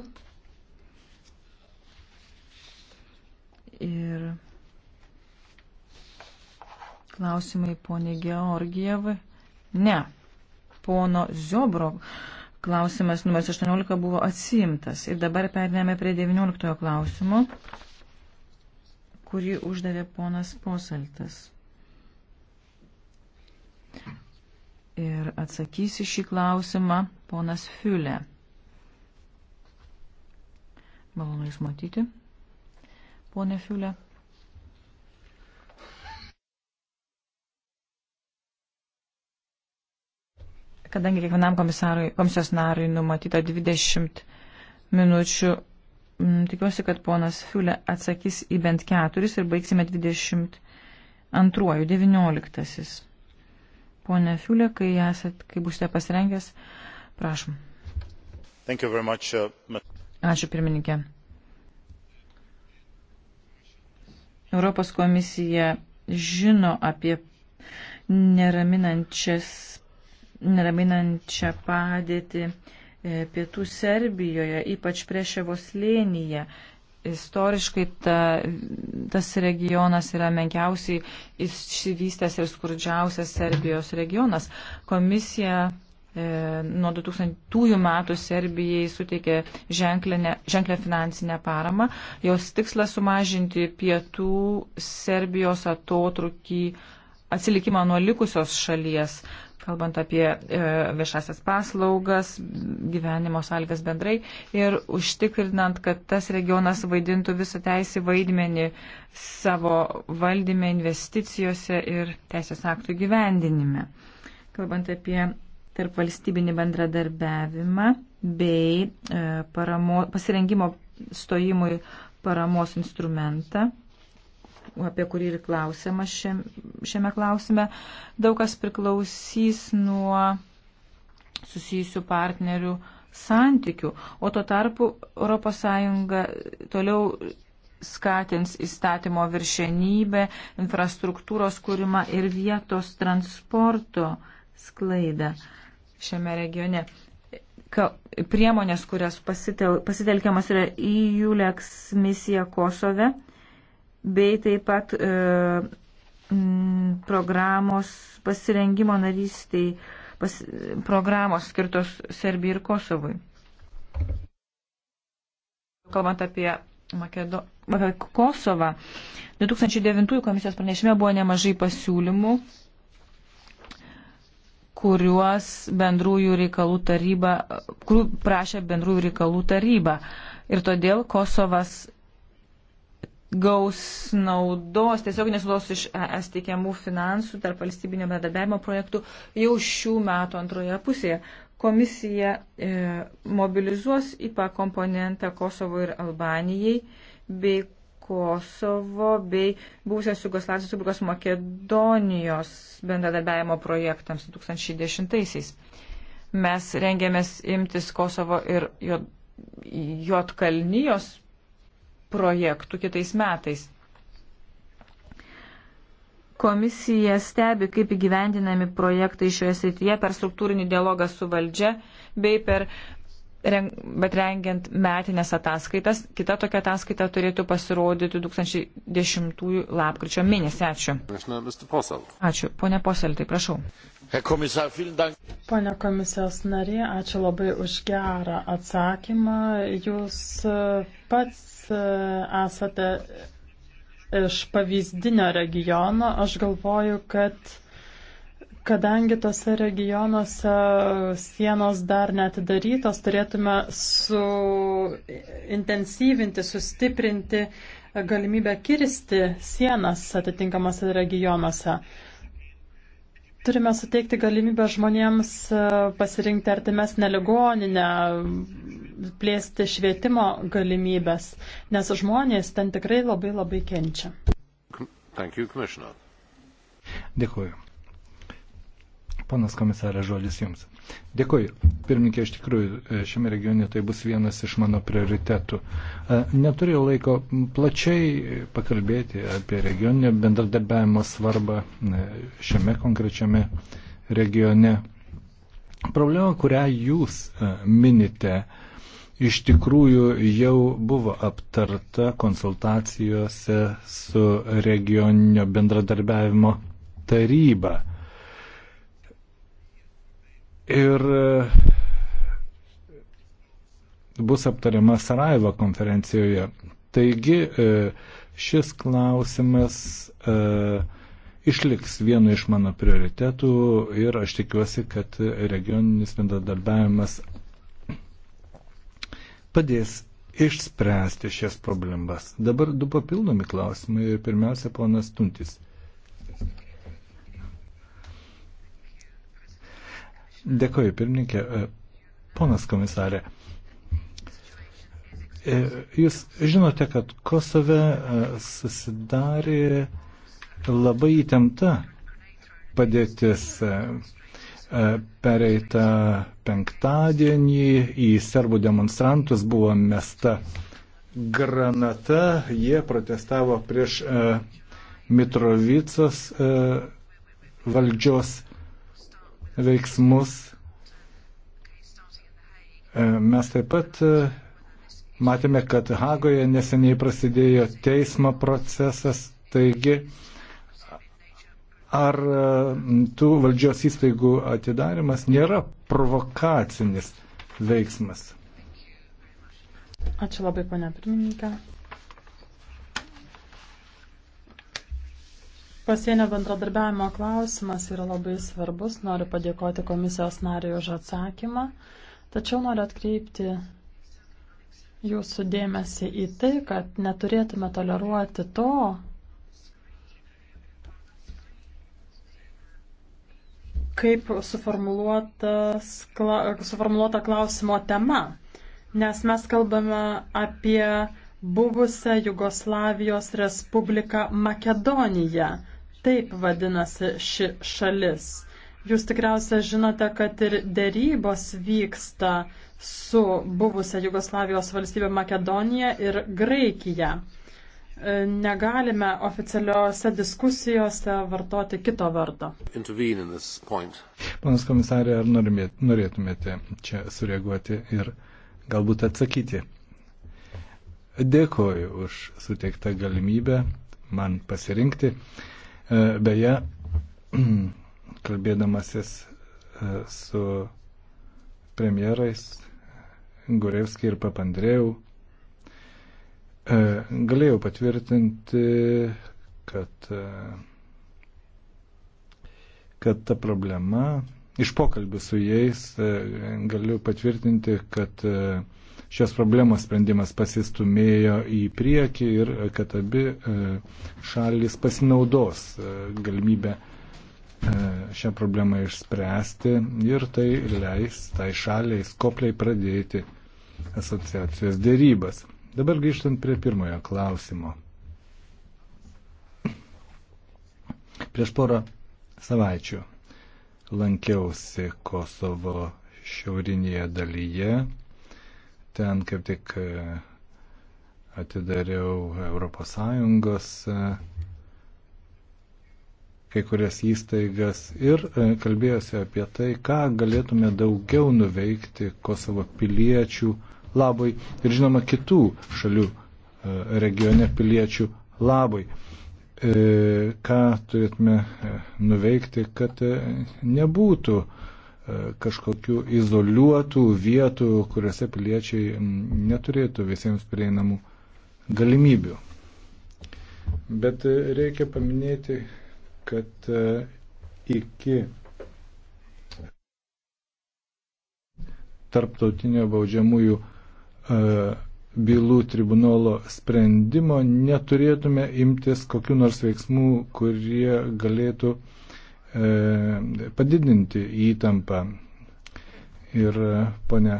Ir klausimai poniai Georgievai. Ne, pono Ziobro Klausimas numeris 18 buvo atsiimtas. Ir dabar perinėme prie 19 klausimo, kurį uždavė ponas Posaltas. Ir atsakysi šį klausimą ponas Fiulė. Malonu Jūs matyti, ponė Fiulė. kadangi kiekvienam komisijos nariui numatyta 20 minučių, tikiuosi, kad ponas Fiulė atsakys į bent keturis ir baigsime 22, 19. Pone Fiulė, kai, esat, kai būsite pasirengęs, prašom. Much, uh, Ačiū pirmininkė. Europos komisija žino apie neraminančias neraminančią padėtį e, pietų Serbijoje, ypač prieševo slėnyje. Istoriškai ta, tas regionas yra menkiausiai išsivystęs ir skurdžiausias Serbijos regionas. Komisija e, nuo 2000 metų Serbijai suteikė ženklę finansinę paramą. Jos tikslas sumažinti pietų Serbijos atotrukį atsilikimą nuo likusios šalies kalbant apie e, viešasias paslaugas, gyvenimo sąlygas bendrai ir užtikrinant, kad tas regionas vaidintų visą teisį vaidmenį savo valdyme, investicijose ir teisės aktų gyvendinime. Kalbant apie tarp valstybinį bendradarbiavimą bei e, paramo, pasirengimo stojimui paramos instrumentą apie kurį ir klausima šiame klausime, daug kas priklausys nuo susijusių partnerių santykių, o tuo tarpu ES toliau skatins įstatymo viršenybę, infrastruktūros kūrimą ir vietos transporto sklaidą šiame regione. Ka, priemonės, kurias pasitel, pasitelkiamas yra į Juleks misiją Kosove, bei taip pat e, m, programos pasirengimo narystiai, pas, programos skirtos Serbijai ir Kosovui. Kalbant apie Makedo, apie Kosovą, 2009 komisijos pranešime buvo nemažai pasiūlymų, kuriuos bendrųjų reikalų taryba, kurių prašė bendrųjų reikalų taryba. Ir todėl Kosovas gaus naudos, tiesiog nesulos iš ES teikiamų finansų tarp valstybinio bendradarbiavimo projektų jau šių metų antroje pusėje. Komisija e, mobilizuos IPA komponentą Kosovo ir Albanijai bei Kosovo bei būsės Jugoslavijos Republikos Makedonijos bendradarbiavimo projektams 2010-aisiais. Mes rengėmės imtis Kosovo ir Jotkalnijos projektų kitais metais. Komisija stebi, kaip įgyvendinami projektai šioje srityje per struktūrinį dialogą su valdžia bei per bet rengiant metinės ataskaitas, kita tokia ataskaita turėtų pasirodyti 2010 lapkričio mėnesį. Ačiū. Ačiū. Pone Poseltai, prašau. Pone komisijos narė, ačiū labai už gerą atsakymą. Jūs e, pats e, esate iš pavyzdinio regiono. Aš galvoju, kad Kadangi tose regionuose sienos dar netidarytos, turėtume suintensyvinti, sustiprinti galimybę kirsti sienas atitinkamose regionuose. Turime suteikti galimybę žmonėms e, pasirinkti artimesnę ligoninę, plėsti švietimo galimybės, nes žmonės ten tikrai labai labai kenčia. Thank you, Dėkuoju. Ponas komisarė, žodis jums. Dėkuoju. Pirmininkė, iš tikrųjų, e, šiame regione tai bus vienas iš mano prioritetų. E, neturėjau laiko plačiai pakalbėti apie regioninio bendradarbiavimo svarbą e, šiame konkrečiame regione. Problema, kurią jūs minite, iš tikrųjų jau buvo aptarta konsultacijose su regioninio bendradarbiavimo taryba ir e, bus aptariama Sarajevo konferencijoje. Taigi e, šis klausimas e, išliks vienu iš mano prioritetų ir aš tikiuosi, kad regioninis bendradarbiavimas padės išspręsti šias problemas. Dabar du papildomi klausimai ir pirmiausia, ponas Tuntis. Dėkoju, pirmininkė. E, ponas komisarė, e, jūs žinote, kad Kosove e, susidarė labai įtempta padėtis pereitą penktadienį į serbų demonstrantus buvo mesta granata, jie protestavo prieš e, Mitrovicos e, valdžios veiksmus. E, mes taip pat e, matėme, kad Hagoje neseniai prasidėjo teismo procesas, taigi ar e, tų valdžios įstaigų atidarimas nėra provokacinis veiksmas. Ačiū labai, ponia pirmininkė. Pasienio bendradarbiavimo klausimas yra labai svarbus. Noriu padėkoti komisijos nariui už atsakymą. Tačiau noriu atkreipti jūsų dėmesį į tai, kad neturėtume toleruoti to, kaip kla, suformuluota klausimo tema. Nes mes kalbame apie buvusią Jugoslavijos Respubliką Makedoniją Taip vadinasi ši šalis. Jūs tikriausiai žinote, kad ir dėrybos vyksta su buvusia Jugoslavijos valstybė Makedonija ir Graikija. E, negalime oficialiuose diskusijose vartoti kito vardo. Panas komisarė, ar norėtumėte čia sureaguoti ir galbūt atsakyti? Dėkoju už suteiktą galimybę man pasirinkti. Uh, E, beje, kalbėdamasis e, su premjerais Gurevskiai ir Papandrėjau, e, galėjau patvirtinti, kad, kad ta problema, iš pokalbių su jais galiu patvirtinti, kad šios problemos sprendimas pasistumėjo į priekį ir kad abi e, šalis pasinaudos e, galimybę e, šią problemą išspręsti ir tai leis tai šaliai skopliai pradėti asociacijos dėrybas. Dabar grįžtant prie pirmojo klausimo. Prieš porą savaičių lankiausi Kosovo šiaurinėje dalyje Ten kaip tik e, atidariau ES e, kai kurias įstaigas ir e, kalbėjosi apie tai, ką galėtume daugiau nuveikti Kosovo piliečių labui ir žinoma kitų šalių regione piliečių labui. Ką turėtume nuveikti, kad nebūtų E, kažkokių izoliuotų vietų, kuriuose piliečiai neturėtų visiems prieinamų galimybių. Bet reikia paminėti, kad e, iki tarptautinio baudžiamųjų e, bylų tribunolo sprendimo neturėtume imtis kokiu nors veiksmų, kurie galėtų uh, E, padidinti įtampą. Ir e, ponia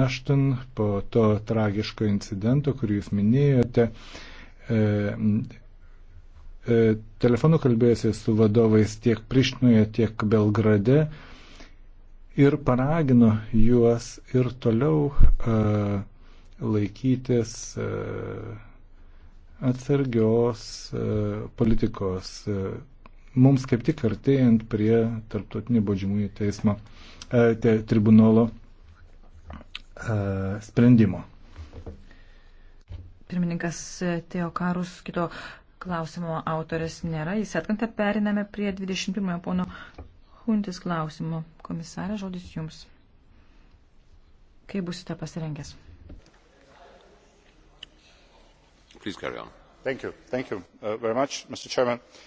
Ashton, po to tragiško incidento, kurį jūs minėjote, e, e, telefonu kalbėjusi su vadovais tiek Prištinoje, tiek Belgrade ir paragino juos ir toliau e, laikytis e, atsargios e, politikos. E, mums kaip tik artėjant prie tarptautinio baudžiamųjų teismo e, te, tribunolo e, sprendimo. Pirmininkas Teo Karus, kito klausimo autoris nėra. Jis atkanta, periname prie 21-ojo pono Huntis klausimo. Komisarė, žodis jums. Kaip busite pasirengęs? Please carry on. Thank you. Thank you uh, much,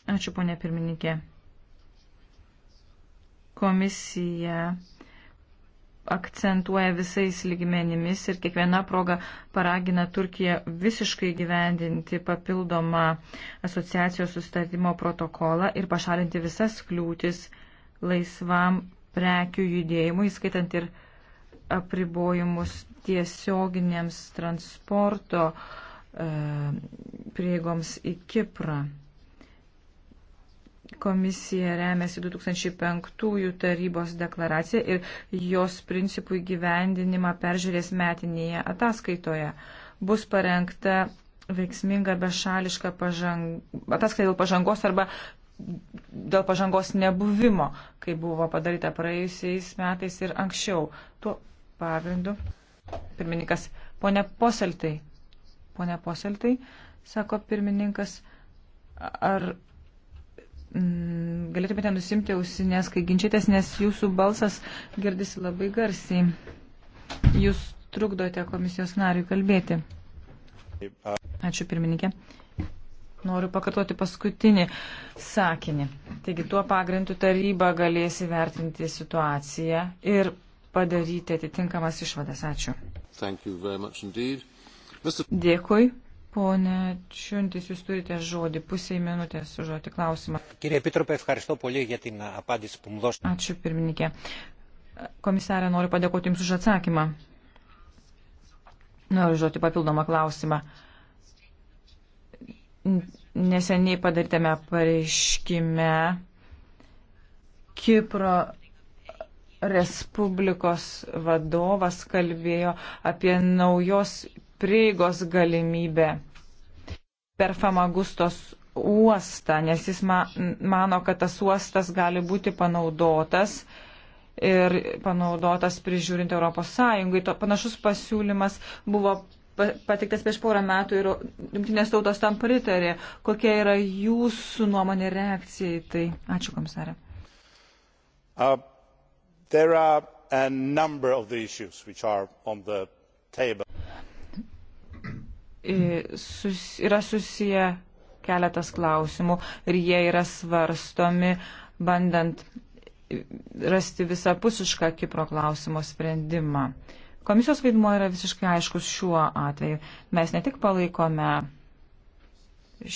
Ačiū, ponė pirmininkė. Komisija akcentuoja visais lygmenimis ir kiekviena proga paragina Turkiją visiškai gyvendinti papildomą asociacijos sustatymo protokolą ir pašalinti visas kliūtis laisvam prekių judėjimui, skaitant ir apribojimus tiesioginiams transporto uh, E, prieigoms į Kiprą. Komisija remiasi 2005 tarybos deklaraciją ir jos principų įgyvendinimą peržiūrės metinėje ataskaitoje. Bus parengta veiksminga bešališka pažang... ataskaita dėl pažangos arba dėl pažangos nebuvimo, kai buvo padaryta praėjusiais metais ir anksčiau. Tuo pagrindu, pirmininkas, ponė Poseltai ponia Poseltai, sako pirmininkas, ar mm, galėtumėte nusimti ausinės, kai ginčytės, nes jūsų balsas girdisi labai garsiai. Jūs trukdote komisijos nariui kalbėti. Ačiū pirmininkė. Noriu pakartoti paskutinį sakinį. Taigi tuo pagrindu taryba galės įvertinti situaciją ir padaryti atitinkamas išvadas. Ačiū. Visų... Dėkui. Pone Čiuntis, jūs turite žodį pusiai minutės užduoti klausimą. Ačiū pirmininkė. Komisarė, noriu padėkoti Jums už atsakymą. Noriu žodį papildomą klausimą. Neseniai padarytame pareiškime Kipro Respublikos vadovas kalbėjo apie naujos prieigos galimybę per Famagustos uostą, nes jis mano, kad tas uostas gali būti panaudotas ir panaudotas prižiūrint Europos Sąjungai. To panašus pasiūlymas buvo patiktas prieš porą metų ir jungtinės tautos tam pritarė. Kokia yra jūsų nuomonė reakcija į tai? Ačiū, komisarė. Uh, there are a number of the issues which are on the table sus, yra susiję keletas klausimų ir jie yra svarstomi, bandant rasti visapusišką Kipro klausimo sprendimą. Komisijos vaidmuo yra visiškai aiškus šiuo atveju. Mes ne tik palaikome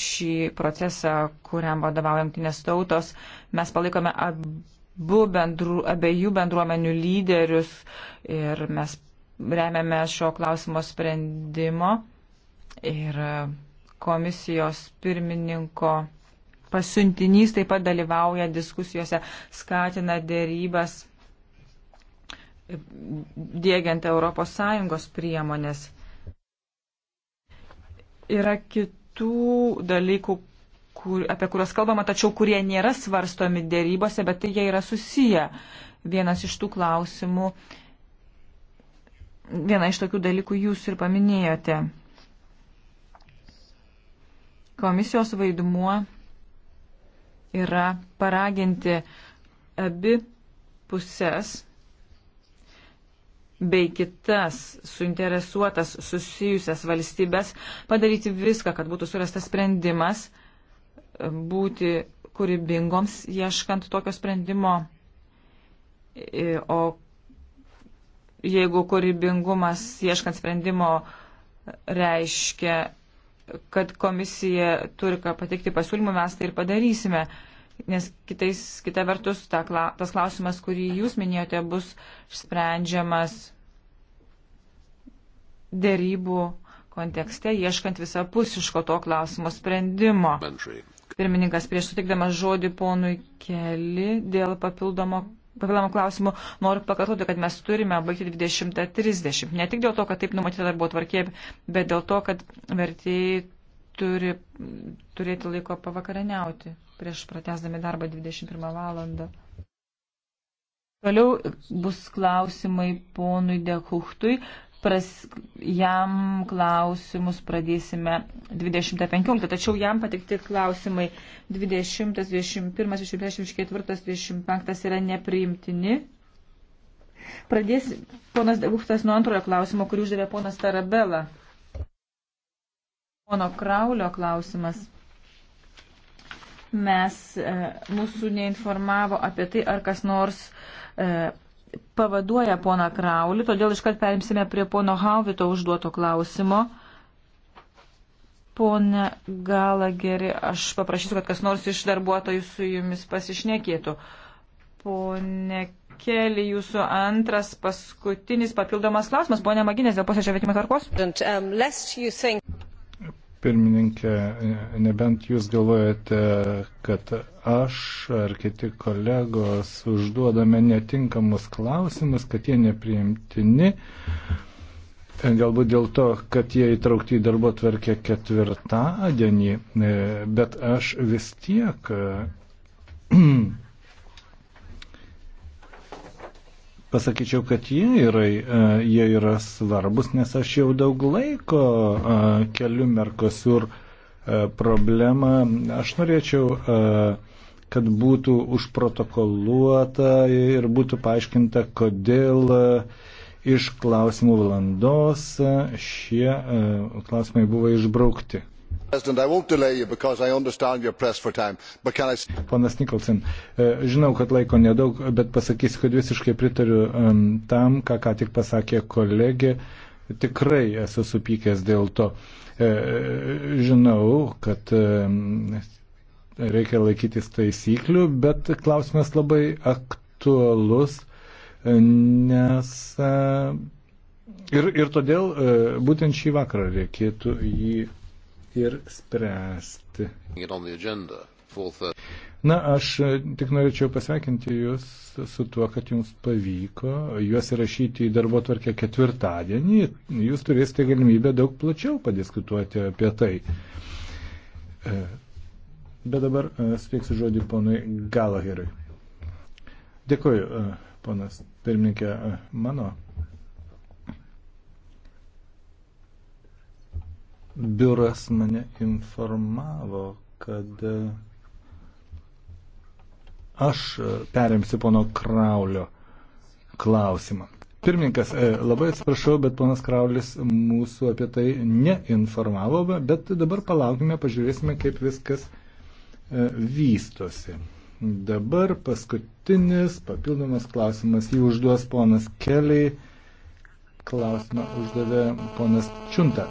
šį procesą, kuriam vadovauja jungtinės tautos, mes palaikome abu bendru, abiejų bendruomenių lyderius ir mes remiame šio klausimo sprendimo ir komisijos pirmininko pasiuntinys taip pat dalyvauja diskusijose, skatina dėrybas dėgiant ES priemonės. Yra kitų dalykų, kur, apie kuriuos kalbama, tačiau kurie nėra svarstomi dėrybose, bet tai jie yra susiję. Vienas iš tų klausimų, viena iš tokių dalykų jūs ir paminėjote. Komisijos vaidmuo yra paraginti abi pusės bei kitas suinteresuotas susijusias valstybės padaryti viską, kad būtų surastas sprendimas būti kūrybingoms ieškant tokio sprendimo. E, o jeigu kūrybingumas ieškant sprendimo reiškia kad komisija turi ką patikti pasiūlymų, mes tai ir padarysime. Nes kitais, kita vertus, ta, tas klausimas, kurį jūs minėjote, bus sprendžiamas dėrybų kontekste, ieškant visapusiško to klausimo sprendimo. Pirmininkas, prieš sutikdamas žodį ponui Keli dėl papildomo papildomų klausimų, noriu pakartoti, kad mes turime baigti 20.30. Ne tik dėl to, kad taip numatyta darbo tvarkė, bet dėl to, kad vertėjai turi turėti laiko pavakarieniauti prieš pratesdami darbą 21 valandą. Toliau bus klausimai ponui Dekuhtui pras, jam klausimus pradėsime 20.15, tačiau jam patikti klausimai 20, 21, 24, 25 yra nepriimtini. Pradės ponas Deguftas nuo antrojo klausimo, kurį uždavė ponas Tarabela. Pono Kraulio klausimas. Mes, e, mūsų neinformavo apie tai, ar kas nors e, pavaduoja pona Kraulį, todėl iškart perimsime prie pono Hauvito užduoto klausimo. Pone Galageri, aš paprašysiu, kad kas nors iš darbuotojų su jumis pasišnekėtų. Pone Keli, jūsų antras paskutinis papildomas klausimas. Pone Maginės, dėl posėdžio veikimo tvarkos. Um, Pirmininkė, nebent jūs galvojate, kad aš ar kiti kolegos užduodame netinkamus klausimus, kad jie nepriimtini, galbūt dėl to, kad jie įtraukti į darbo tvarkę ketvirtadienį, e, bet aš vis tiek pasakyčiau, kad jie yra, e, jie yra svarbus, nes aš jau daug laiko e, keliu Merkosur e, problemą. Aš norėčiau, kad būtų užprotokoluota ir būtų paaiškinta, kodėl iš klausimų valandos šie klausimai buvo išbraukti. Ponas Nikolsen, e, žinau, kad laiko nedaug, bet pasakysiu, kad visiškai pritariu tam, ką ką tik pasakė kolegė. Tikrai esu supykęs dėl to. E, žinau, kad reikia laikytis taisyklių, bet klausimas labai aktualus, nes e, ir, ir todėl būtent šį vakarą reikėtų jį ir spręsti. Na, aš e, tik norėčiau pasveikinti Jūs su tuo, kad Jums pavyko juos įrašyti į darbo tvarkę ketvirtadienį. Jūs turėsite galimybę daug plačiau padiskutuoti apie tai. E, bet dabar e, suteiksiu žodį ponui Galahirui. Dėkuoju, ponas pirmininkė, mano biuras mane informavo, kad e, aš e, perimsiu pono Kraulio klausimą. Pirmininkas, e, labai atsiprašau, bet ponas Kraulis mūsų apie tai neinformavo, bet dabar palaukime, pažiūrėsime, kaip viskas vystosi. Dabar paskutinis papildomas klausimas jį užduos ponas Keliai, klausimą uždavė ponas Čiunta.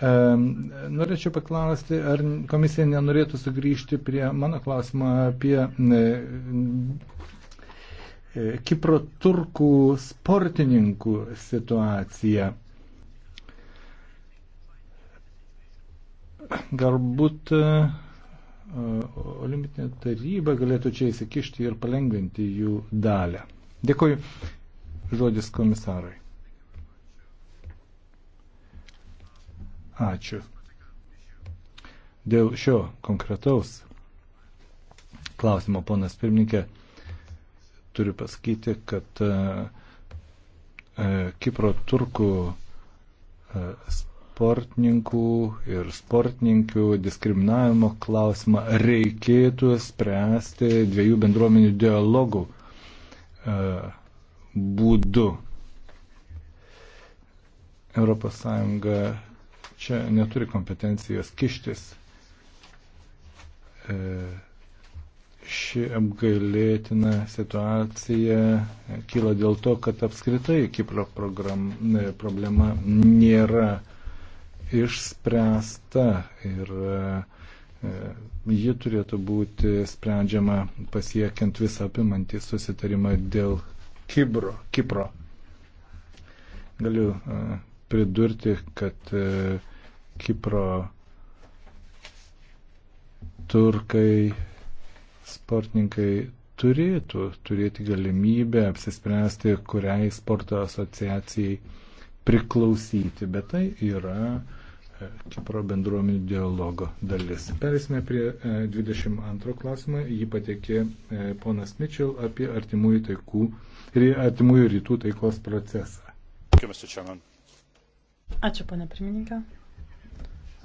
Norėčiau paklausti, ar komisija nenorėtų sugrįžti prie mano klausimą apie e, Kipro turkų sportininkų situaciją. Galbūt e, Olimpinė taryba galėtų čia įsikišti ir palengventi jų dalę. Dėkui žodis komisarai. Ačiū. Dėl šio konkretaus klausimo, ponas pirmininkė, turiu pasakyti, kad e, e, Kipro turkų e, sportininkų ir sportininkių diskriminavimo klausimą reikėtų spręsti dviejų bendruomenių dialogų būdu. ES čia neturi kompetencijos kištis. E, ši apgailėtina situacija kyla dėl to, kad apskritai Kipro program, e, problema nėra išspręsta ir e, e, ji turėtų būti sprendžiama pasiekiant visą apimantį susitarimą dėl Kibro, Kipro. Galiu pridurti, kad e, Kipro turkai, sportininkai turėtų turėti galimybę apsispręsti, kuriai sporto asociacijai priklausyti, bet tai yra e, Kipro bendruomenių dialogo dalis. Perėsime prie 22 e, klausimą. Jį patikė ponas Mitchell apie artimųjų, taikų, artimųjų rytų taikos procesą. Thank you, Mr. Chairman. Ačiū, ponė pirmininkė.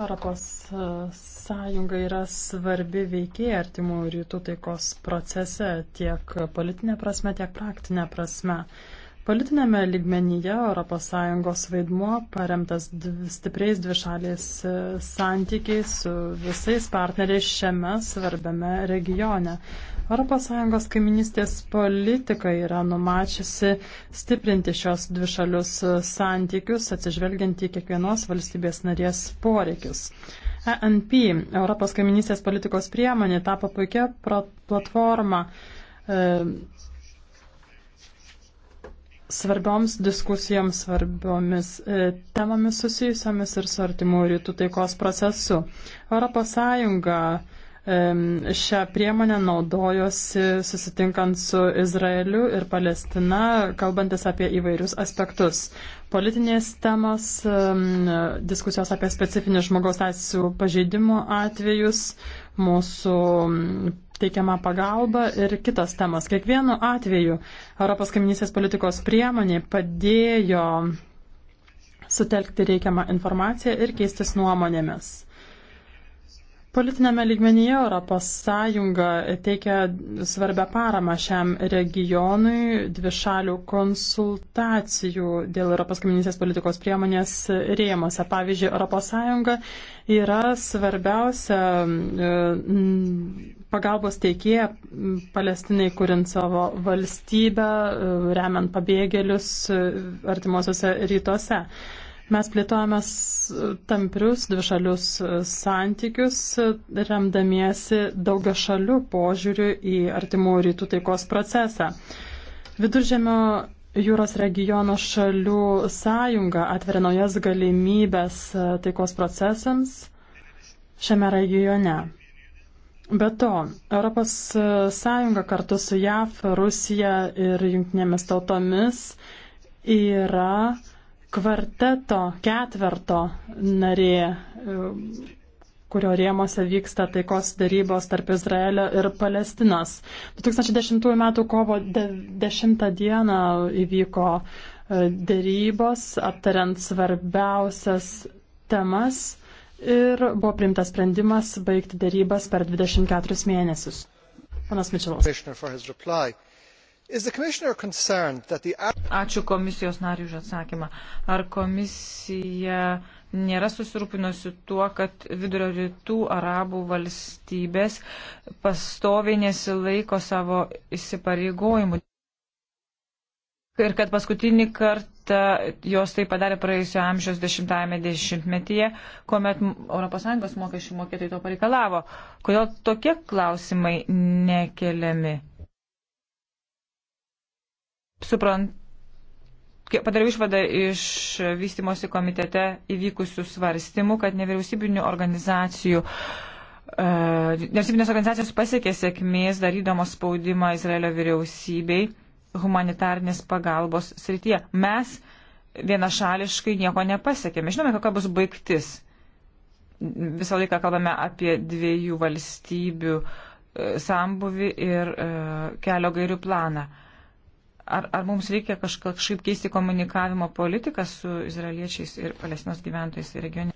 Europos e, Sąjunga yra svarbi veikėja artimų rytų taikos procese tiek politinė prasme, tiek praktinė prasme. Politinėme lygmenyje ES vaidmuo paremtas stipriais dvišaliais e, santykiais su visais partneriais šiame svarbiame regione. ES kaiminystės politika yra numačiusi stiprinti šios dvišalius e, santykius, atsižvelgiant į kiekvienos valstybės narės poreikius. ENP, Europos kaiminystės politikos priemonė, tapo puikia platforma e, svarbioms diskusijoms, svarbiomis e, temomis susijusiamis ir su artimų rytų taikos procesu. ES šią priemonę naudojosi susitinkant su Izraeliu ir Palestina, kalbantis apie įvairius aspektus. Politinės temos, diskusijos apie specifinius žmogaus teisų pažeidimų atvejus, mūsų teikiama pagalba ir kitos temos. Kiekvienu atveju Europos kaiminysės politikos priemonė padėjo sutelkti reikiamą informaciją ir keistis nuomonėmis. Politinėme lygmenyje Europos Sąjunga teikia svarbę paramą šiam regionui dvišalių konsultacijų dėl Europos kaiminysės politikos priemonės rėmose. Pavyzdžiui, Europos Sąjunga yra svarbiausia e, pagalbos teikėja Palestinai, kuriant savo valstybę, e, remiant pabėgėlius e, artimuosiuose rytuose. Mes plėtojame tamprius dvišalius e, santykius, e, remdamiesi daugia šalių požiūrių į artimų rytų taikos procesą. Viduržėmio Jūros regiono šalių sąjunga atveria naujas galimybės e, taikos procesams šiame regione. Be to, ES kartu su JAF, Rusija ir jungtinėmis tautomis yra uh, kvarteto ketverto narė, kurio rėmose vyksta taikos darybos tarp Izraelio ir Palestinos. 2010 m. kovo 10 d. įvyko e, darybos, aptariant svarbiausias temas ir buvo priimtas sprendimas baigti darybas per 24 mėnesius. Panas Mičelovas. Ačiū komisijos nariui už atsakymą. Ar komisija nėra susirūpinusi tuo, kad vidurio rytų arabų valstybės pastoviai nesilaiko savo įsipareigojimų? Ir kad paskutinį kartą jos tai padarė praėjusio amžiaus dešimtajame dešimtmetyje, kuomet ES mokesčių mokėtojai to pareikalavo. Kodėl tokie klausimai nekeliami? suprantu, padariau išvadą iš vystimosi komitete įvykusių svarstymų, kad nevyriausybinių organizacijų. E, nevyriausybinės organizacijos pasiekė sėkmės darydamos spaudimą Izraelio vyriausybei humanitarnės pagalbos srityje. Mes vienašališkai nieko nepasiekėme. Žinome, kokia bus baigtis. Visą laiką kalbame apie dviejų valstybių e, sambuvi ir e, kelio gairių planą. Uh, Ar, ar mums reikia kažkaip keisti komunikavimo politiką su izraeliečiais ir palestinos gyventojais regione?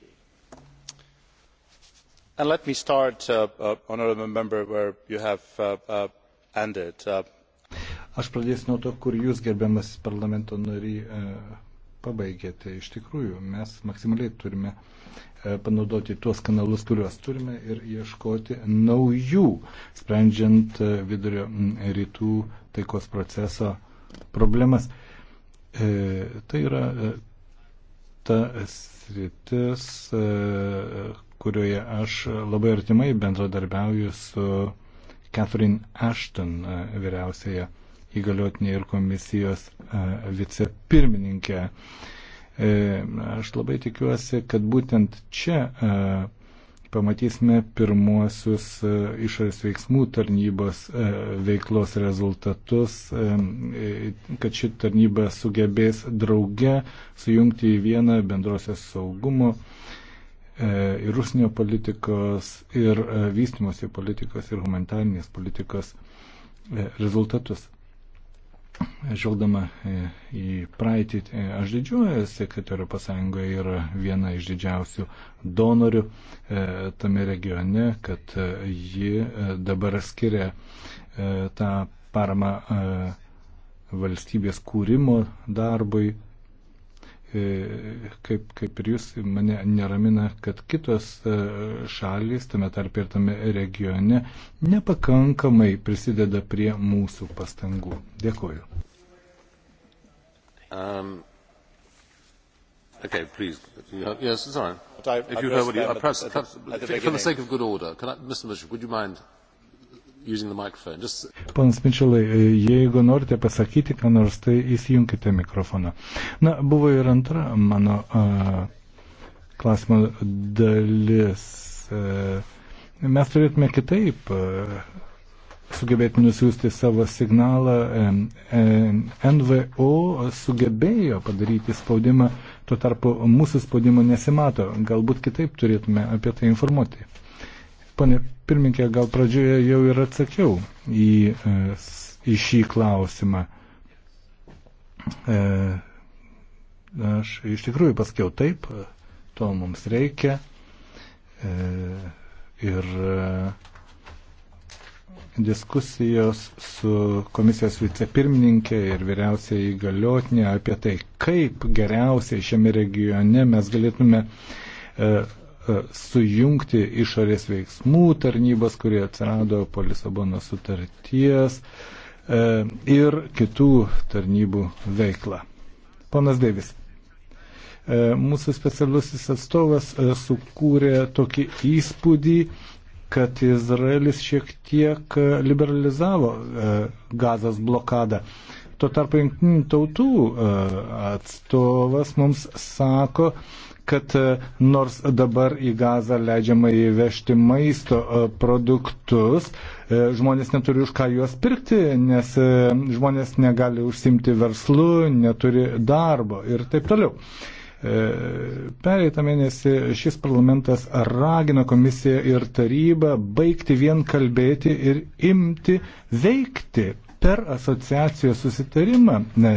And let me start, uh, uh, honourable member, where you have uh, uh, ended. Uh, Aš pradėsiu nuo to, kur jūs, gerbiamas parlamento nary, uh, pabaigėte. Iš tikrųjų, mes maksimaliai turime e, panaudoti tuos kanalus, kuriuos turime ir ieškoti naujų, sprendžiant e, vidurio rytų taikos proceso problemas. E, tai yra e, ta sritis, e, kurioje aš labai artimai bendradarbiauju su Catherine Ashton, e, vyriausiaja įgaliotinė ir komisijos e, vicepirmininkė. E, aš labai tikiuosi, kad būtent čia e, pamatysime pirmuosius e, išorės veiksmų tarnybos e, veiklos rezultatus, e, kad ši tarnyba sugebės drauge sujungti į vieną bendrosios saugumo ir užsienio politikos, ir vystimosi politikos, ir humanitarnės politikos rezultatus žvelgdama e, į praeitį, e, aš didžiuojasi, kad ES yra viena iš didžiausių donorių e, tame regione, kad ji dabar skiria tą paramą valstybės kūrimo darbui E, kaip, kaip ir jūs, mane neramina, kad kitos e, šalys, tame tarp ir tame regione, nepakankamai prisideda prie mūsų pastangų. Dėkuoju. Um. Okay, please. Yes, sorry. If you heard what you, perhaps, perhaps, for the sake of good order, can I, Mr. Mitchell, would you mind Just... Ponas Mičelai, e, jeigu norite pasakyti, ką nors, tai įsijunkite mikrofoną. Na, buvo ir antra mano a, e, klausimo dalis. A, e, mes turėtume kitaip a, sugebėti nusiųsti savo signalą. NVO sugebėjo padaryti spaudimą, tuo tarpu mūsų spaudimo nesimato. Galbūt kitaip turėtume apie tai informuoti. Pone Pirminkė, gal pradžioje jau ir atsakiau į, e, į šį klausimą. E, aš iš tikrųjų pasakiau taip, to mums reikia. E, ir diskusijos su komisijos vicepirmininkė ir vyriausiai įgaliotinė apie tai, kaip geriausiai šiame regione mes galėtume E, sujungti išorės veiksmų tarnybas, kurie atsirado po Lisabono sutarties e, ir kitų tarnybų veiklą. Ponas Deivis, e, mūsų specialusis atstovas sukūrė tokį įspūdį, kad Izraelis šiek tiek liberalizavo gazas blokadą. Tuo tarpu jungtinių tautų atstovas mums sako, kad e, nors dabar į gazą leidžiama įvežti maisto e, produktus, e, žmonės neturi už ką juos pirkti, nes žmonės negali užsimti verslu, neturi darbo ir taip toliau. Pereitą mėnesį šis parlamentas ragino komisiją ir tarybą baigti vien kalbėti ir imti veikti per asociacijos susitarimą. Ne,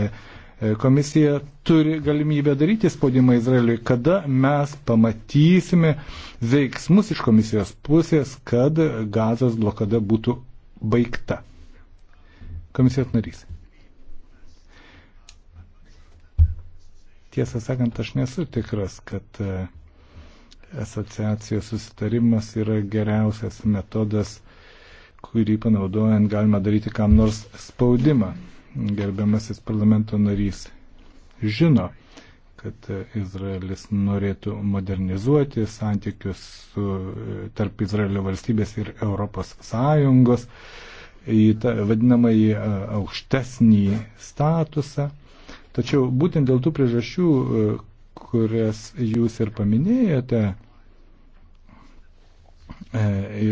Komisija turi galimybę daryti spaudimą Izraeliui, kada mes pamatysime veiksmus iš komisijos pusės, kad gazos blokada būtų baigta. Komisijos narys. Tiesą sakant, aš nesu tikras, kad e, asociacijos susitarimas yra geriausias metodas kurį panaudojant galima daryti kam nors spaudimą gerbiamasis parlamento narys žino, kad Izraelis norėtų modernizuoti santykius su, tarp Izraelio valstybės ir Europos Sąjungos į tą vadinamąjį aukštesnį statusą. Tačiau būtent dėl tų priežasčių, kurias jūs ir paminėjote,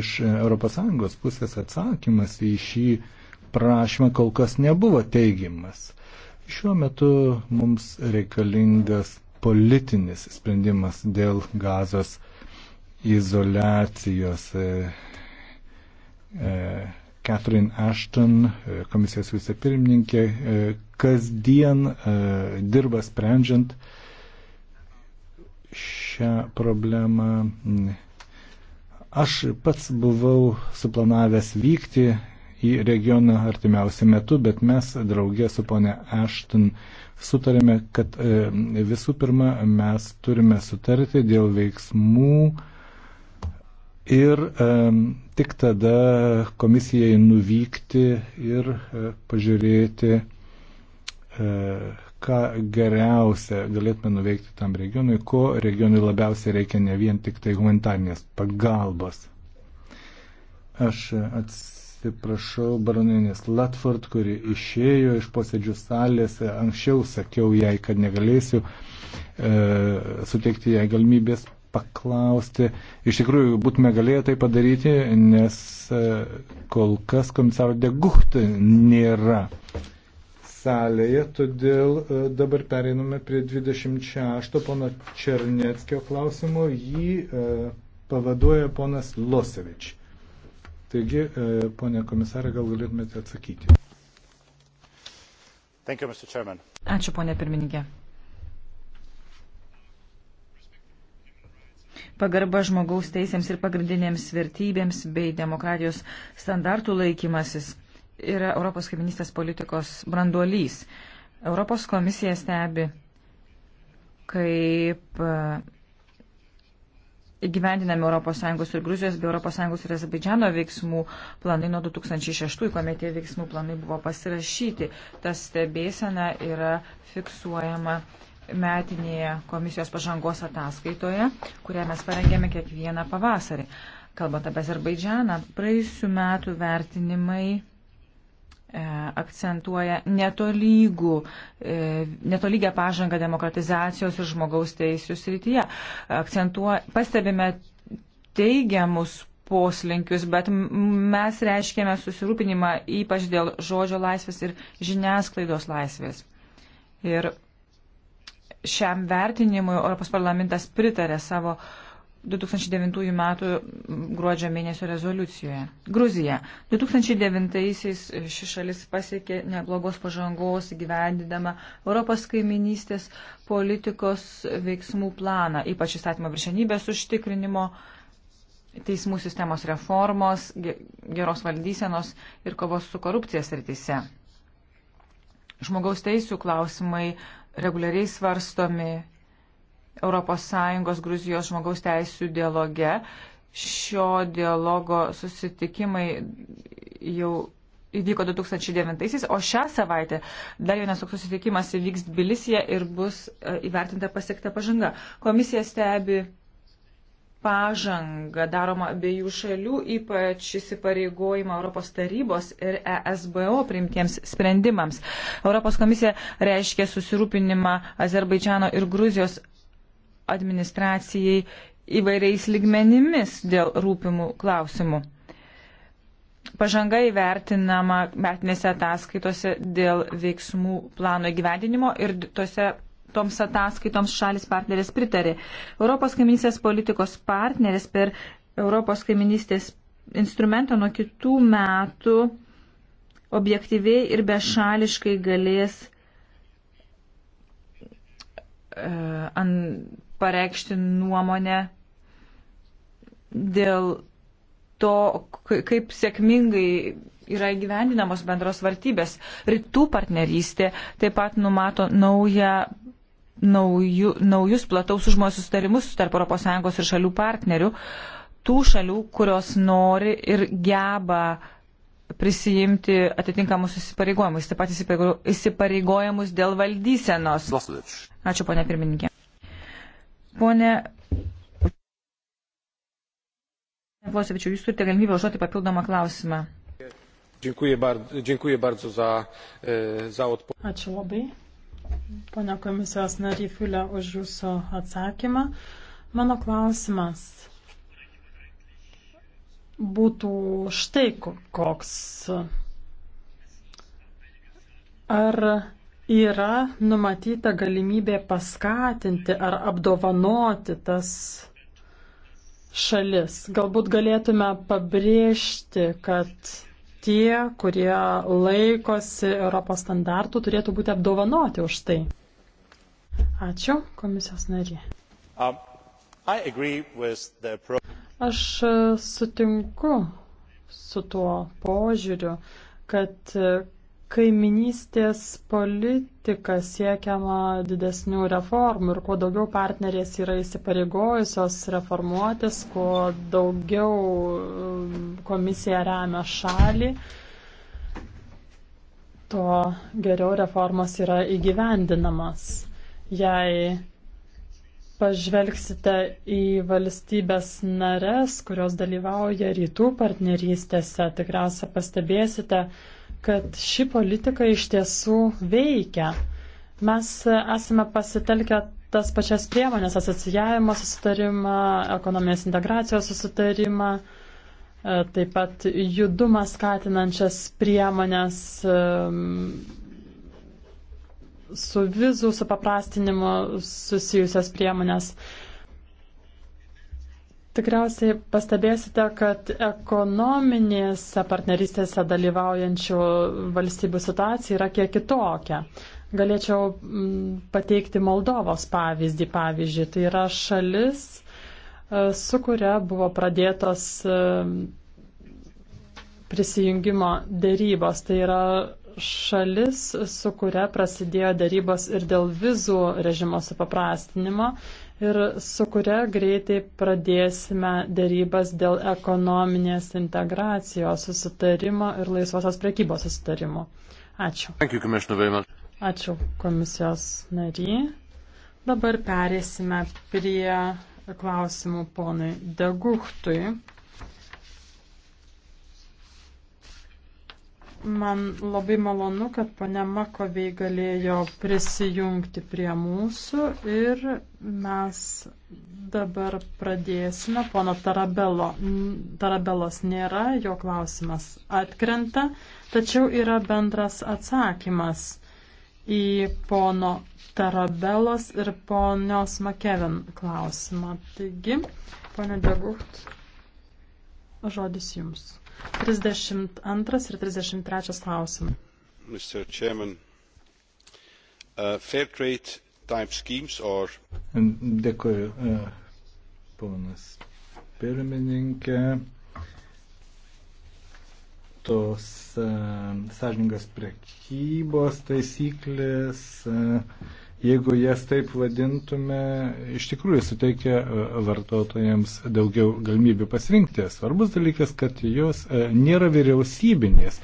iš ES pusės atsakymas į šį uh, prašymą kol kas nebuvo teigiamas. Šiuo metu mums reikalingas politinis sprendimas dėl gazos izolacijos. E, e, Catherine Ashton, e, komisijos vicepirmininkė, kasdien dirba sprendžiant šią problemą. Aš pats buvau suplanavęs vykti į regioną artimiausiu metu, bet mes draugė su ponė Ashton sutarėme, kad e, visų pirma mes turime sutarti dėl veiksmų ir e, tik tada komisijai nuvykti ir e, pažiūrėti, ką geriausia galėtume nuveikti tam regionui, ko regionui labiausiai reikia ne vien tik tai humanitarnės pagalbos. Aš atsiprašau Atsiprašau, baroninės Latford, kuri išėjo iš posėdžių salės. Anksčiau sakiau jai, kad negalėsiu e, suteikti jai galimybės paklausti. Iš tikrųjų, būtume galėję tai padaryti, nes e, kol kas komisaro Degucht nėra salėje, todėl e, dabar pereiname prie 26 pono Černeckio klausimo. Jį e, pavaduoja ponas Losevičius. Taigi, e, ponė komisarė, gal galėtumėte atsakyti. Thank you, Ačiū, ponė pirmininkė. Pagarba žmogaus teisėms ir pagrindinėms vertybėms bei demokratijos standartų laikymasis yra Europos kaiminystės politikos branduolys. Europos komisija stebi, kaip gyvendinami ES ir Gruzijos bei ES ir Azerbaidžiano veiksmų planai nuo 2006, kuomet tie veiksmų planai buvo pasirašyti. Ta stebėsena yra fiksuojama metinėje komisijos pažangos ataskaitoje, kurią mes parengėme kiekvieną pavasarį. Kalbant apie Azerbaidžianą, praėjusiu metu vertinimai E, akcentuoja netolygų, e, netolygę pažangą demokratizacijos ir žmogaus teisų srityje. Akcentuoja, pastebime teigiamus poslinkius, bet mes reiškėme susirūpinimą ypač dėl žodžio laisvės ir žiniasklaidos laisvės. Ir šiam vertinimui Europos parlamentas pritarė savo uh, 2009 m. gruodžio mėnesio rezoliucijoje. Gruzija. 2009-aisiais ši šalis pasiekė neblogos pažangos gyvendydama Europos kaiminystės politikos veiksmų planą, ypač įstatymo viršenybės užtikrinimo, teismų sistemos reformos, geros valdysenos ir kovos su korupcija srityse. Žmogaus teisų klausimai reguliariai svarstomi ES Gruzijos žmogaus teisų dialoge. Šio dialogo susitikimai jau įvyko 2009-aisiais, o šią savaitę dar vienas toks susitikimas įvyks Bilisija ir bus e, įvertinta pasiekta pažanga. Komisija stebi pažangą daroma abiejų šalių, ypač įsipareigojimą Europos tarybos ir ESBO priimtiems sprendimams. Europos komisija reiškia susirūpinimą Azerbaidžiano ir Gruzijos administracijai įvairiais ligmenimis dėl rūpimų klausimų. Pažanga įvertinama metinėse ataskaitose dėl veiksmų plano įgyvendinimo ir tose toms ataskaitoms šalis partnerės pritarė. Europos kaiminystės politikos partnerės per Europos kaiminystės instrumentą nuo kitų metų objektyviai ir bešališkai galės uh, an, pareikšti nuomonę dėl to, kaip sėkmingai yra įgyvendinamos bendros vartybės. Rytų partnerystė taip pat numato naują, naujų, naujus plataus užmojo sustarimus tarp ES ir šalių partnerių, tų šalių, kurios nori ir geba prisijimti atitinkamus įsipareigojimus, taip pat įsipareigojimus dėl valdysenos. Ačiū, ponia pirmininkė. Pone Vlosevičiu, jūs turite galimybę užduoti papildomą klausimą. Dziękuję, bar dziękuję bardzo za, e, za odpowiedź. Ačiū labai, ponia komisijos nariai Fulė, už jūsų atsakymą. Mano klausimas būtų štai koks. Ar yra numatyta galimybė paskatinti ar apdovanoti tas šalis. Galbūt galėtume pabrėžti, kad tie, kurie laikosi Europos standartų, turėtų būti apdovanoti už tai. Ačiū, komisijos narė. Um, Aš sutinku su tuo požiūriu, kad kaiminystės politika siekiama didesnių reformų ir kuo daugiau partnerės yra įsipareigojusios reformuotis, kuo daugiau um, komisija remia šalį, tuo geriau reformos yra įgyvendinamas. Jei pažvelgsite į valstybės nares, kurios dalyvauja rytų partnerystėse, tikriausia pastebėsite, kad ši politika iš tiesų veikia. Mes esame pasitelkę tas pačias priemonės - asociavimo susitarimą, ekonominės integracijos susitarimą, e, taip pat judumą skatinančias priemonės e, su vizų supaprastinimu susijusias priemonės. Su Tikriausiai pastebėsite, kad ekonominėse partnerystėse dalyvaujančių valstybių situacija yra kiek kitokia. Galėčiau mm, pateikti Moldovos pavyzdį. Pavyzdžiui, tai yra šalis, e, su kuria buvo pradėtos e, prisijungimo dėrybos. Tai yra šalis, su kuria prasidėjo dėrybos ir dėl vizų režimo supaprastinimo ir su kuria greitai pradėsime dėrybas dėl ekonominės integracijos susitarimo ir laisvosios priekybos susitarimo. Ačiū. You, Ačiū komisijos nary. Dabar perėsime prie klausimų ponui Deguhtui. Man labai malonu, kad pane Makovei galėjo prisijungti prie mūsų ir mes dabar pradėsime. Pono Tarabelo. Tarabelos nėra, jo klausimas atkrenta, tačiau yra bendras atsakymas į pono Tarabelos ir ponios Makeven klausimą. Taigi, ponio Degucht, žodis jums. 32 ir 33 klausimai. Mr. Chairman, uh, fair trade type schemes or... Dėkuoju, uh, ponas pirmininkė. Tos uh, sąžiningos prekybos taisyklės. Uh, jeigu jas taip vadintume, iš tikrųjų suteikia e, vartotojams daugiau galimybių pasirinkti. Svarbus dalykas, kad jos e, nėra vyriausybinės.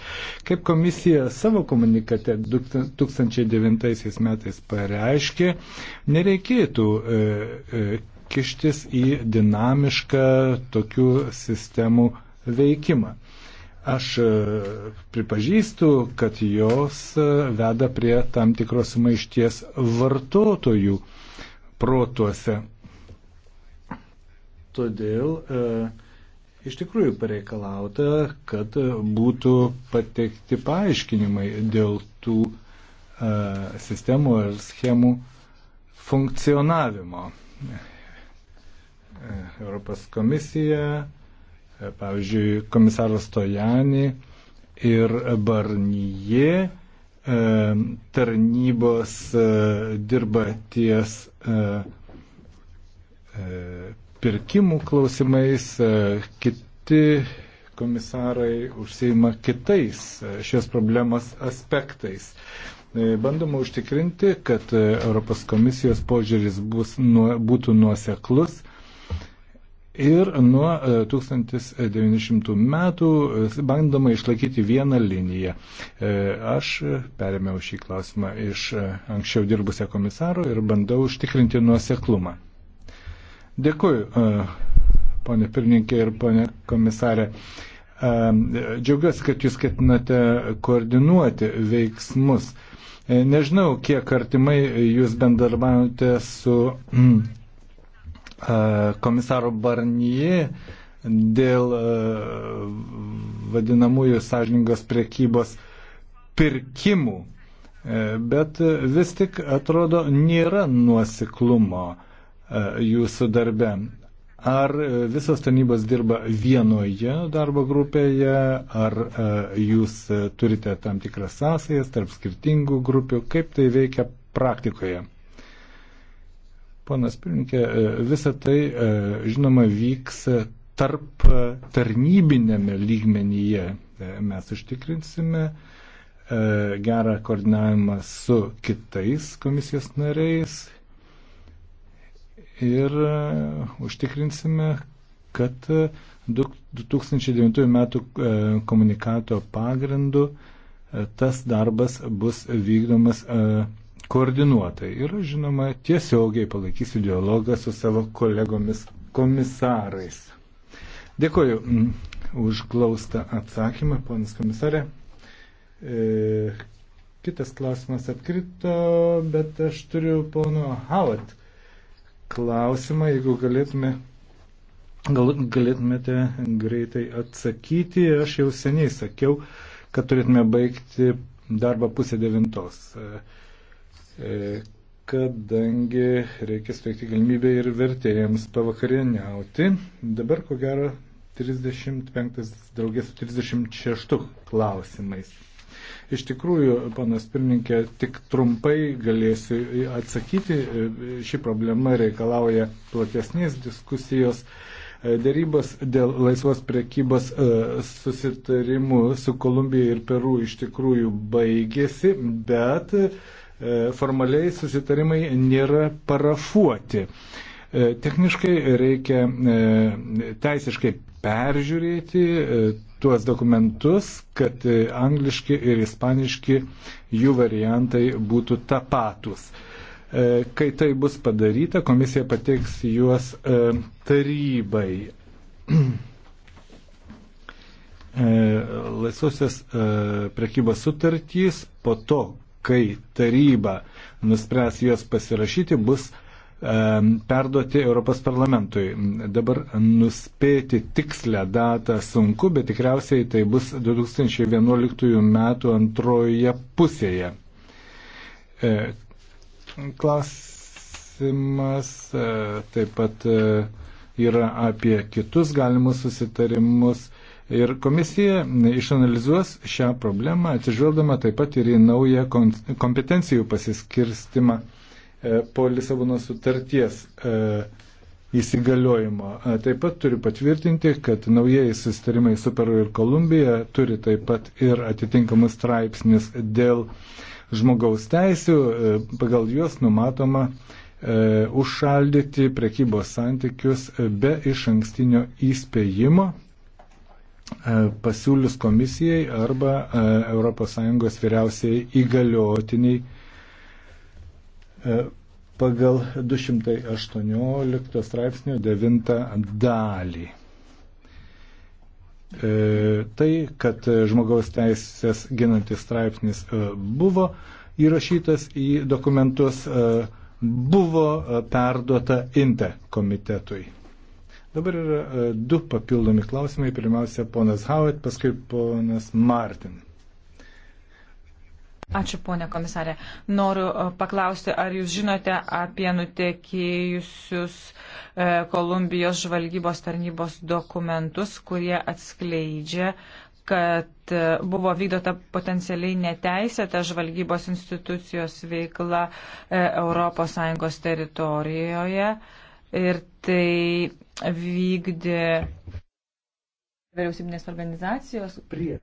Kaip komisija savo komunikate 2009 metais pareiškė, nereikėtų e, kištis į dinamišką tokių sistemų veikimą. Aš e, pripažįstu, kad jos e, veda prie tam tikros maišties vartotojų protuose. Todėl e, iš tikrųjų pareikalauta, kad būtų pateikti paaiškinimai dėl tų e, sistemų ir schemų funkcionavimo. E, Europos komisija E, pavyzdžiui, komisaras Stojani ir Barnyje e, tarnybos e, dirba ties pirkimų klausimais, kiti komisarai užsieima kitais šios problemos aspektais. Bandoma užtikrinti, kad Europos komisijos požiūris bus, nu, būtų nuoseklus Ir nuo 1900 e, metų e, bandoma išlaikyti vieną liniją. E, aš perėmiau šį klausimą iš anksčiau dirbusią komisaro ir bandau užtikrinti nuoseklumą. Dėkuoju, ponė pirmininkė ir ponė komisarė. Džiaugiuosi, kad jūs ketinate koordinuoti veiksmus. Nežinau, kiek artimai jūs bendarbiavote su mm, E, komisaro Barnyje dėl e, vadinamųjų sąžiningos priekybos pirkimų. E, bet vis tik atrodo nėra nuosiklumo jūsų darbe. Ar visos tarnybos dirba vienoje darbo grupėje, ar jūs turite tam tikras sąsajas tarp skirtingų grupių, kaip tai veikia praktikoje? Ponas pirmininkė, e, visa tai, e, žinoma, vyks e, tarp tarnybinėme lygmenyje. Mes užtikrinsime gerą koordinavimą su kitais komisijos nariais ir užtikrinsime, kad 2009 m. komunikato pagrindu tas darbas bus vykdomas koordinuotai. Ir žinoma, tiesiogiai palaikysiu dialogą su savo kolegomis komisarais. Dėkoju mm, už glaustą atsakymą, ponas komisarė. E, kitas klausimas atkrito, bet aš turiu pono Howard klausimą, jeigu galėtume, gal, galėtumėte greitai atsakyti. Aš jau seniai sakiau, kad turėtume baigti darbą pusę devintos. E, E, kadangi reikia steigti galimybę ir vertėjams pavakarieniauti. Dabar, ko gero, 35 draugės su 36 klausimais. Iš tikrųjų, panas pirmininkė, tik trumpai galėsiu atsakyti. E, ši problema reikalauja platesnės diskusijos. E, dėrybos dėl laisvos priekybos susitarimų su Kolumbija ir Peru iš tikrųjų baigėsi, bet E, formaliai susitarimai nėra parafuoti. E, techniškai reikia e, teisiškai peržiūrėti tuos dokumentus, kad angliški ir ispaniški jų variantai būtų tapatus. Kai tai bus padaryta, komisija pateiks juos tarybai. Laisvosios prekybos sutartys po to, kai taryba nuspręs juos pasirašyti, bus perduoti Europos parlamentui. Dabar nuspėti tikslę datą sunku, bet tikriausiai tai bus 2011 m. antroje pusėje. E, klausimas e, taip pat e, yra apie kitus galimus susitarimus Ir komisija išanalizuos šią problemą, atsižvelgdama taip pat ir į naują kompetencijų pasiskirstimą e, po Lisabono sutarties e, įsigaliojimo. E, taip pat turiu patvirtinti, kad naujieji sustarimai su Peru ir Kolumbija turi taip pat ir atitinkamus straipsnius dėl žmogaus teisių, pagal juos numatoma e, užšaldyti prekybos santykius be iš ankstinio įspėjimo E, pasiūlius komisijai arba ES vyriausiai įgaliotiniai e, pagal 218 straipsnio 9 dalį. E, tai, kad žmogaus teisės ginantis straipsnis buvo įrašytas į dokumentus, buvo perduota INTE komitetui. Dabar yra e, du papildomi klausimai. Pirmiausia, ponas Howitt, paskui ponas Martin. Ačiū, ponė komisarė. Noriu e, paklausti, ar jūs žinote apie nutekėjusius e, Kolumbijos žvalgybos tarnybos dokumentus, kurie atskleidžia, kad buvo vykdota potencialiai neteisėta žvalgybos institucijos veikla ES teritorijoje ir tai vykdė vyriausybinės organizacijos. Prie.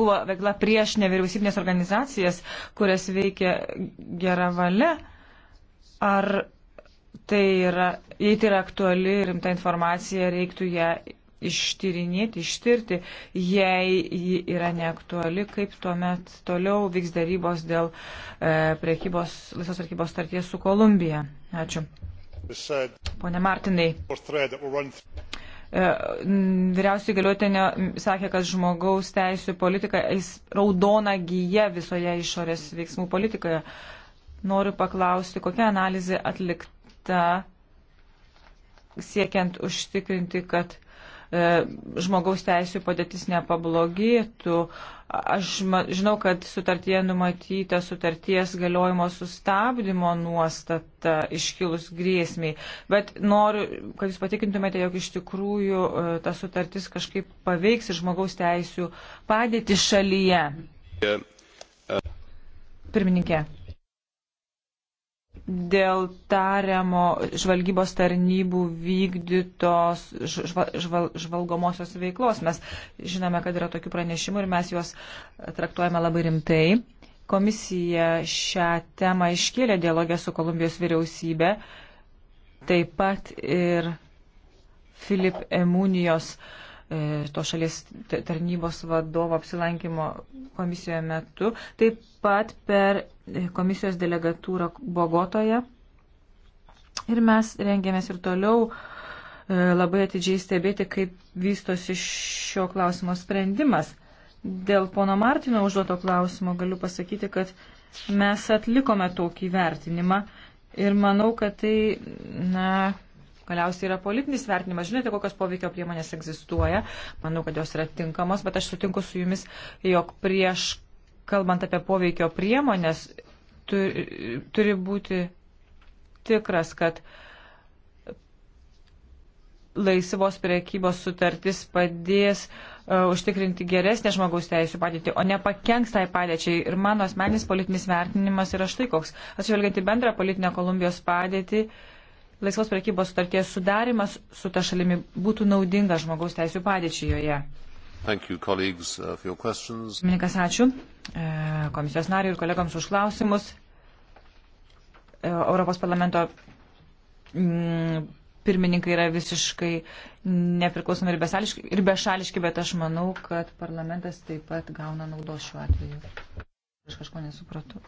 Buvo veikla prieš nevyriausybinės organizacijas, kurias veikia gera valia. Ar tai yra, jei tai yra aktuali ir rimta informacija, reiktų ją ištyrinėti, ištirti. Jei ji yra neaktuali, kaip tuomet toliau vyks darybos dėl e, prekybos, laisvos prekybos starties su Kolumbija. Ačiū. Pone Martinai, e, vyriausiai galiuotinė sakė, kad žmogaus teisų politika raudona gyja visoje išorės veiksmų politikoje. Noriu paklausti, kokia analizė atlikta siekiant užtikrinti, kad E, žmogaus teisų padėtis nepablogėtų. Aš žinau, kad sutartie numatyta sutarties galiojimo sustabdymo nuostata iškilus grėsmiai, bet noriu, kad jūs patikintumėte, jog iš tikrųjų e, ta sutartis kažkaip paveiks žmogaus teisų padėtį šalyje. E, Pirmininkė dėl tariamo žvalgybos tarnybų vykdytos žval, žval, žvalgomosios veiklos. Mes žinome, kad yra tokių pranešimų ir mes juos traktuojame labai rimtai. Komisija šią temą iškėlė dialogę su Kolumbijos vyriausybė, taip pat ir Filip Emunijos uh, E, to šalies tarnybos vadovo apsilankimo komisijoje metu, taip pat per e, komisijos delegatūrą Bogotoje. Ir mes rengiamės ir toliau e, labai atidžiai stebėti, kaip vystosi šio klausimo sprendimas. Dėl pono Martino užduoto klausimo galiu pasakyti, kad mes atlikome tokį vertinimą ir manau, kad tai, na, Galiausiai yra politinis vertinimas. Žinote, kokios poveikio priemonės egzistuoja. Manau, kad jos yra tinkamos, bet aš sutinku su jumis, jog prieš, kalbant apie poveikio priemonės, turi, turi būti tikras, kad laisvos priekybos sutartis padės uh, užtikrinti geresnę žmogaus teisų padėtį, o ne pakenks tai padėčiai. Ir mano asmeninis politinis vertinimas yra štai koks. Atsižvelgiant į bendrą politinę Kolumbijos padėtį, uh, laisvos prekybos sutarties sudarimas su ta šalimi būtų naudingas žmogaus teisų padėčiai joje. Uh, Mininkas, ačiū e, komisijos nariui ir kolegams už klausimus. E, Europos parlamento mm, pirmininkai yra visiškai nepriklausomi ir bešališki, ir bešališki, bet aš manau, kad parlamentas taip pat gauna naudos šiuo atveju. Aš kažko nesupratau.